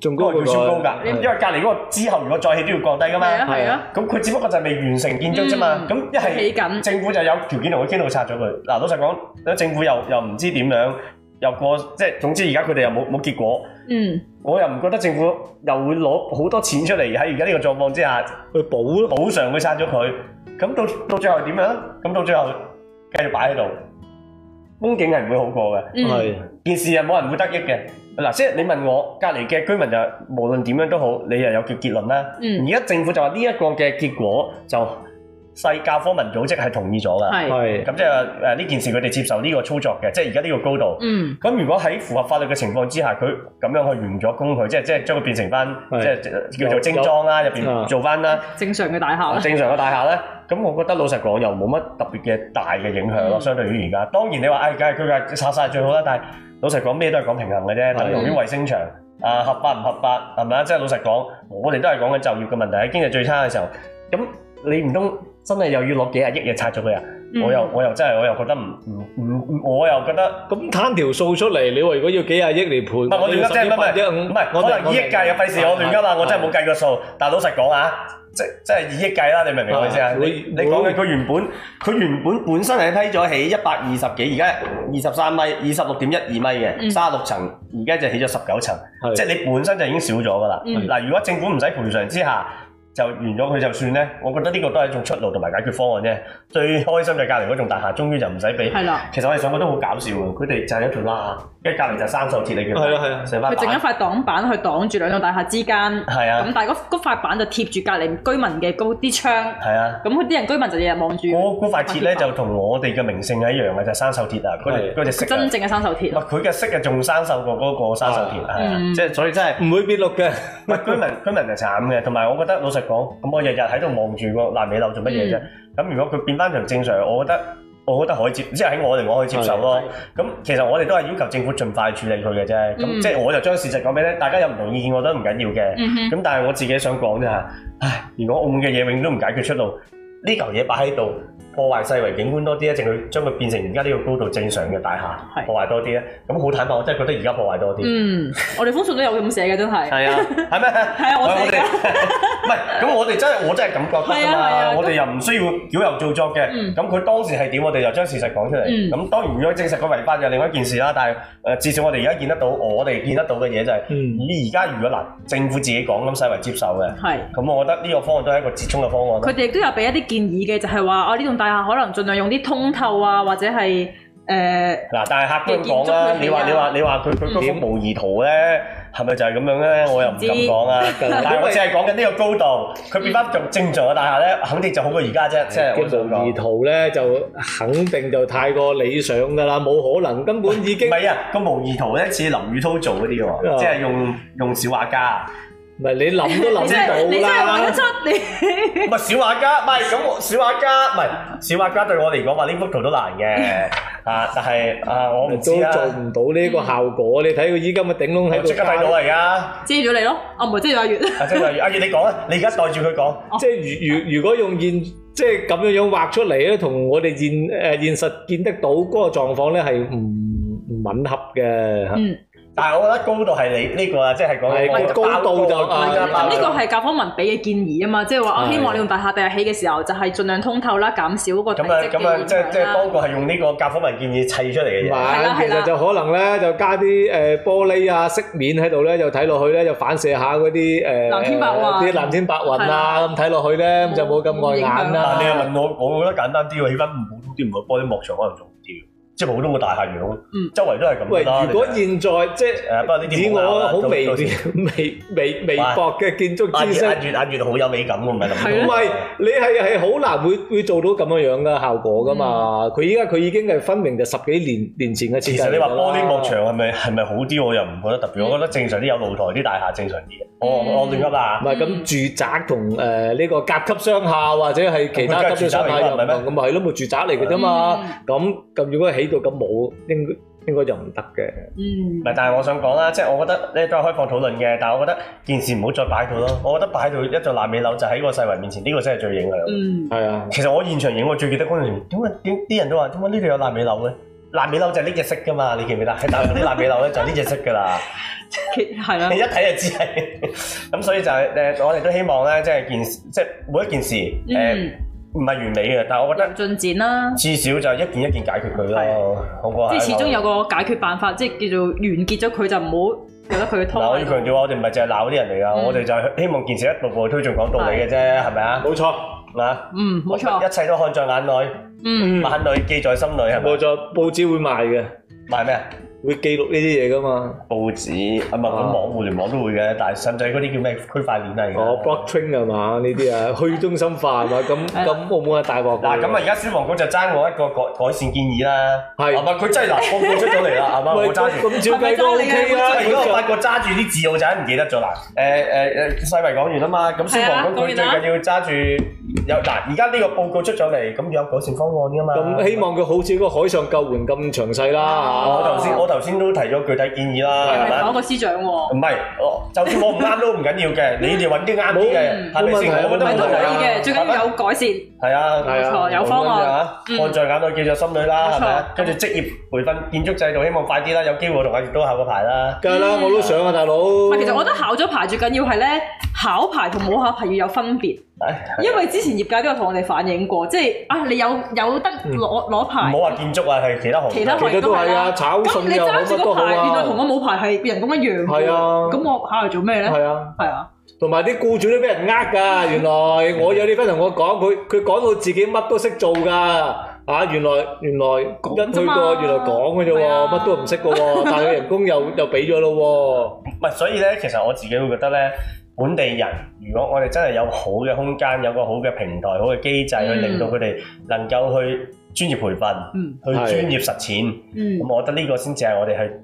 仲高要算高噶，因為隔離嗰個之後，如果再起都要降低噶嘛。係啊，係啊。咁佢只不過就係未完成建築啫嘛。咁一係政府就有條件同佢傾到拆咗佢。嗱，老實講，政府又又唔知點樣，又過即係總之而家佢哋又冇冇結果。嗯。我又唔覺得政府又會攞好多錢出嚟喺而家呢個狀況之下去補補償去拆咗佢。咁到到最後點樣？咁到最後繼續擺喺度。風景係唔會好過嘅，嗯、件事係冇人會得益嘅。嗱，即係你問我隔籬嘅居民就無論點樣都好，你又有個結論啦。而家、嗯、政府就話呢一個嘅結果就。世教科文組織係同意咗㗎，係咁是即係誒呢件事佢哋接受呢個操作嘅，即係而家呢個高度，嗯，咁如果喺符合法律嘅情況之下，佢咁樣去完咗工佢，即係即係將佢變成翻，即係是叫做精裝啦，入邊做翻啦，正常嘅大廈，正常嘅大廈咧，咁、嗯、我覺得老實講又冇乜特別嘅大嘅影響咯，嗯、相對於而家。當然你話誒，梗係佢嘅拆晒最好啦，但係老實講咩都係講平衡嘅啫，例如啲衛星場啊，嗯、合法唔合法係咪啊？即係老實講，我哋都係講緊就業嘅問題，喺經濟最差嘅時候，咁你唔通？真係又要攞幾廿億嘅拆咗佢啊！我又我又真係我又覺得唔唔唔，我又覺得咁攤條數出嚟，你話如果要幾廿億嚟賠，我哋真係唔係唔係，可能二億計嘅費事我亂噏啦，我真係冇計個數。但係老實講啊，即係即係二億計啦，你明唔明我意思啊？你你講嘅佢原本佢原本本身係批咗起一百二十幾，而家二十三米二十六點一二米嘅三十六層，而家就起咗十九層，即係你本身就已經少咗㗎啦。嗱，如果政府唔使賠償之下。就完咗佢就算咧，我覺得呢個都係一種出路同埋解決方案啫。最開心就係隔離嗰棟大廈，終於就唔使俾。係啦。其實我係想覺都好搞笑喎，佢哋賺咗咁多。跟隔離就生鏽鐵嚟嘅，係啊係啊，成塊。佢整一塊擋板去擋住兩個大廈之間，係啊。咁但係嗰塊板就貼住隔離居民嘅嗰啲窗，係啊。咁啲人居民就日日望住。嗰嗰塊鐵咧就同我哋嘅名勝係一樣嘅，就係生鏽鐵啊。佢佢色。真正嘅生鏽鐵。唔係佢嘅色啊，仲生鏽過嗰個生鏽鐵，係啊。即係所以真係唔會變綠嘅。唔係居民，居民就慘嘅。同埋我覺得老實講，咁我日日喺度望住個爛尾樓做乜嘢啫？咁如果佢變翻成正常，我覺得。我覺得可以接，即係喺我嚟講可以接受咯。咁的其實我哋都係要求政府盡快處理佢嘅啫。咁、嗯、即係我就將事實講俾咧，大家有唔同意見，我覺得唔緊要嘅。咁、嗯、但係我自己想講咧，唉！如果澳門嘅嘢永遠都唔解決出路，呢嚿嘢擺喺度。破壞世遺景觀多啲咧，淨係將佢變成而家呢個高度正常嘅大廈，是破壞多啲咧，咁好坦白，我真係覺得而家破壞多啲。嗯，我哋封信都有咁寫嘅，都係。係啊，係咩？係 啊，我哋唔係咁，我哋真係我真係咁覺得啊！啊啊我哋又唔需要矯揉造作嘅。咁佢、嗯、當時係點？我哋就將事實講出嚟。咁、嗯、當然如果證實佢違法又另外一件事啦，但係誒至少我哋而家見得到，我哋見得到嘅嘢就係、是，而而家如果嗱政府自己講咁世遺接受嘅，係是。咁我覺得呢個方案都係一個折衷嘅方案。佢哋都有俾一啲建議嘅，就係話我呢棟可能盡量用啲通透啊，或者係誒，嗱、呃，但係客觀講啦，你話你話、嗯、你話佢佢嗰幅模擬圖咧，係咪、嗯、就係咁樣咧？知我又唔敢講啊。 但係我淨係講緊呢個高度，佢變翻正正常嘅大廈咧，肯定就好過而家啫。嗯、即係模擬圖咧，就肯定就太過理想噶啦，冇可能，根本已經唔係 啊。個模擬圖咧似林宇滔做嗰啲喎， 即係用用，用小畫家。唔係你諗都諗得到啦！你真係畫得出你？唔係小畫家，唔係咁小畫家，唔係小畫家對我嚟講話呢幅圖都難嘅啊！但係啊，我唔知做唔到呢個效果。你睇佢依家咪頂窿喺度。出家睇我嚟㗎，遮住咗你咯，我唔係遮住阿月。阿月你講啊，你而家代住佢講。即係如如如果用現即係咁樣樣畫出嚟咧，同我哋現誒現實見得到嗰個狀況咧係唔唔吻合嘅。嗯。但係我覺得高度係你呢個啊，即係講起高度就咁呢個係教科文俾嘅建議啊嘛，即係話我希望你用大廈第日起嘅時候就係盡量通透啦，減少嗰個咁啊咁啊，即係即係多個係用呢個教科文建議砌出嚟嘅嘢。唔係，其實就可能咧就加啲誒玻璃啊色面喺度咧，就睇落去咧就反射下嗰啲誒，藍天白雲啊，啲藍天白雲啊咁睇落去咧就冇咁礙眼啦。但你又問我，我覺得簡單啲，起氛唔普通啲，唔會玻璃幕牆可能仲。即係普通嘅大廈樣咯，周圍都係咁啦。喂，如果現在即係誒，不過呢點我好微微微微薄嘅建築知識，越嚟越嚟越嚟越嚟好有美感喎，唔係咁。唔係你係係好難會會做到咁樣樣嘅效果噶嘛？佢而家佢已經係分明就十幾年年前嘅設計。其實你話玻璃幕牆係咪係咪好啲？我又唔覺得特別。我覺得正常啲有露台啲大廈正常啲嘅。哦，我亂噏啦。唔係咁，住宅同誒呢個甲級商廈或者係其他級別商廈，唔係咩？咁咪係咯，冇住宅嚟嘅啫嘛。咁咁如果係起到咁冇，應該應該就唔得嘅。嗯，咪但係我想講啦，即、就、係、是、我覺得呢都係開放討論嘅。但係我覺得件事唔好再擺喺度咯。我覺得擺喺度一座爛尾樓就喺個世圍面前，呢、這個真係最影嘅。嗯，係啊。其實我現場影，我最記得嗰陣時，點解點啲人都話點解呢度有爛尾樓嘅？爛尾樓就係呢隻色噶嘛，你記唔記得？但係啲爛尾樓咧就係呢隻色噶啦，係啦、 啊。 你一睇就知係。咁 所以就係、是、誒，我哋都希望咧、就是，即係件即係每一件事誒。呃嗯唔係完美嘅，但係我覺得有進展啦。至少就係一件一件解決佢咯。好過係即係始終有個解決辦法，即係叫做完結咗佢，就唔好覺得佢拖。嗱，我要強調啊，我哋唔係淨係鬧啲人嚟噶，我哋就係希望件事一步步推進講道理嘅啫，係咪啊？冇錯嗱，嗯，冇錯，一切都看在眼內，嗯，眼裏記在心裏係。冇錯，報紙會賣嘅，賣咩啊？會記錄呢啲嘢噶嘛？報紙啊，係咪？咁網互聯網都會嘅，但係甚至嗰啲叫咩區塊鏈嚟？哦 blockchain 係嘛？呢啲啊，去中心化啊，咁咁澳門係大話講？嗱，咁啊，而家消防局就爭我一個改改善建議啦。係啊，佢真係嗱報告出咗嚟啦，阿媽唔好揸住。咁照計都 O K 啦。如果我發覺揸住啲字，我真係唔記得咗啦。誒誒誒，世維講完啊嘛。咁消防局佢最近要揸住有嗱，而家呢個報告出咗嚟，咁有改善方案㗎嘛？咁希望佢好似嗰個海上救援咁詳細啦。我頭先我。頭先都提咗具體建議啦，係咪？揾個司長喎。唔係，就算我唔啱都唔緊要嘅，你哋揾啲啱啲嘅，係咪先？我覺得唔啱。唔係都可以嘅，最緊要有改善。係啊，冇錯，有方案。哈，看在眼內，記在心裏啦，係咪啊？跟住職業培訓、建築制度，希望快啲啦，有機會同阿葉都考個牌啦。梗係啦，我都想啊，大佬。唔係，其實我覺得考咗牌最緊要係咧。考牌同冇考牌要有分別，因為之前業界都有同我哋反映過，即係啊，你有有得攞攞牌，唔好話建築啊，係其他行，其他行都係啊，炒餸又攞得多啊嘛。原來同我冇牌係人工一樣，係啊。咁我考嚟做咩咧？係啊，係啊。同埋啲僱主都俾人呃㗎。原來我有啲 friend 同我講，佢佢講到自己乜都識做㗎。啊，原來原來跟佢個原來講嘅啫喎，乜都唔識㗎喎，但係人工又又俾咗咯喎。唔係，所以咧，其實我自己會覺得咧。本地人，如果我哋真係有好嘅空間，有個好嘅平台，好嘅機制，去令到佢哋能夠去專業培訓，嗯、去專業實踐，咁的、嗯、我覺得呢個先至係我哋去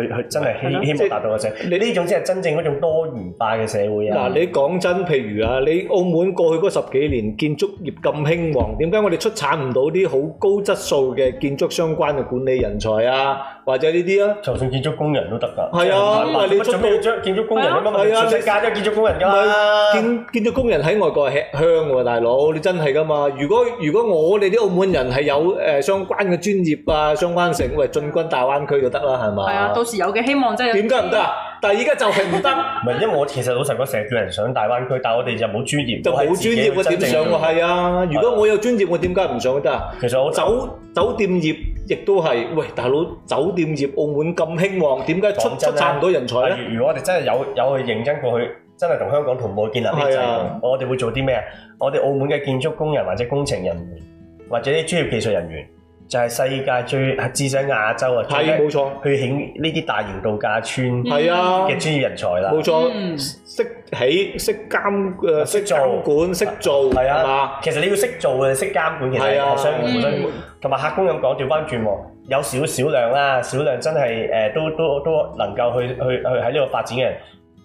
去去，去真係希希望達到嘅社會，就是。你呢種先係真正嗰種多元化嘅社會啊！嗱，你講真，譬如啊，你澳門過去嗰十幾年建築業咁興旺，點解我哋出產唔到啲好高質素嘅建築相關嘅管理人才啊？或者呢啲啊，就算建築工人都得噶，係啊，你出到著建築工人咁啊嘛，全世界都建築工人噶啦、啊，建、建築工人喺外國係香喎、啊，大佬你真係噶嘛？如果如果我哋啲澳門人係有、呃、相關嘅專業啊，相關性，喂，進軍大灣區就得啦，係嘛？係啊，到時有嘅希望真係點解唔得？但係而家就係唔得，唔係 因為我其實老實講成日叫人上大灣區，但係我哋就冇專業，就冇專業我點上喎？係啊，如果我有專業我點解唔上得㗎？其實、啊、酒、啊、酒店業亦都係，喂，大佬酒店業澳門咁興旺，點解出出唔到人才咧？如果我哋真係有有去認真過去，真係同香港同步建立啲制度、啊、我哋會做啲咩啊？我哋澳門嘅建築工人或者工程人員或者啲專業技術人員。就係世界最係至少亞洲啊，係冇錯。去起呢啲大型度假村係啊嘅專業人才啦，冇錯。識起、識監誒、識監管、識做係啊。其實你要識做嘅，識監管嘅係啊。同埋客工咁講，調翻轉喎，有少少量啦，少量真係誒都都都能夠去去去喺呢度發展嘅人。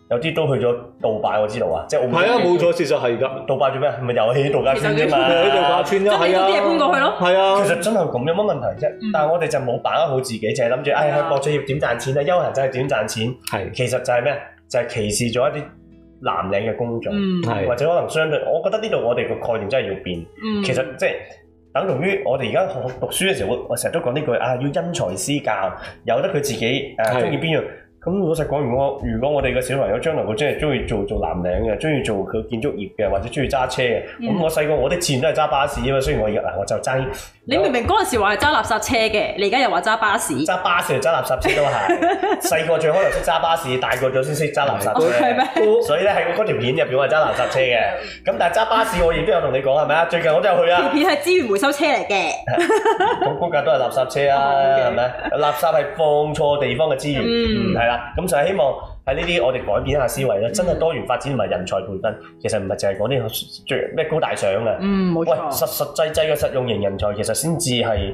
有啲都去咗杜拜，我知道啊，即係我冇。係啊，冇錯，事實係噶。杜拜做咩？咪遊戲度假村啫嘛。度假村，即係將啲嘢搬過去咯。係啊，其實真係咁有乜問題啫？嗯、但係我哋就冇把握好自己，就係諗住，嗯、哎呀，博彩業點賺錢啊？休閒就係點賺錢？係是，其實就係咩？就係、是、歧視咗一啲藍領嘅工作，嗯、或者可能相對，我覺得呢度我哋個概念真係要變。嗯、其實即、就、係、是、等同於我哋而家學讀書嘅時候，我成日都講呢句啊，要因材施教，由得佢自己誒中意邊樣。啊是咁老實講完我，如果我哋嘅小朋友將來佢真係中意做做藍領嘅，中意做佢建築業嘅，或者中意揸車嘅，咁、嗯、我細個我啲錢都係揸巴士啊嘛，雖然我而家嗱我就揸。你明明嗰陣時話係揸垃圾車嘅，你而家又話揸巴士。揸巴士同揸垃圾車都係，細個 最可能識揸巴士，大個咗先識揸垃圾車。 所以咧喺嗰條片入邊我係揸垃圾車嘅，咁 但係揸巴士我亦都有同你講，係咪啊？最近我都有去啦、啊。條片係資源回收車嚟嘅，咁估計都係垃圾車啊，係咪、oh, okay.？垃圾係放錯地方嘅資源。 嗯嗯咁就係希望喺呢啲我哋改變一下思維，真係多元發展唔係人才培訓，其實唔係淨係講啲咩高大上嘅，嗯，冇錯，實實際際嘅實用型人才其實先至係。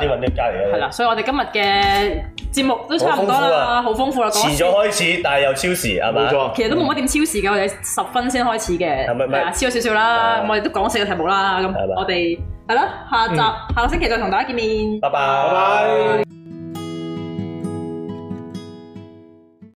啲混嚟嘅。係啦，所以我哋今日嘅節目都差唔多啦，好豐富啦。遲咗開始，但係又超時，係嘛？冇錯。其實都冇乜點超時嘅，我哋十分先開始嘅。係啊，超咗少少啦。我哋都講四個題目啦。咁我哋係啦，下集下個星期再同大家見面。拜拜，拜。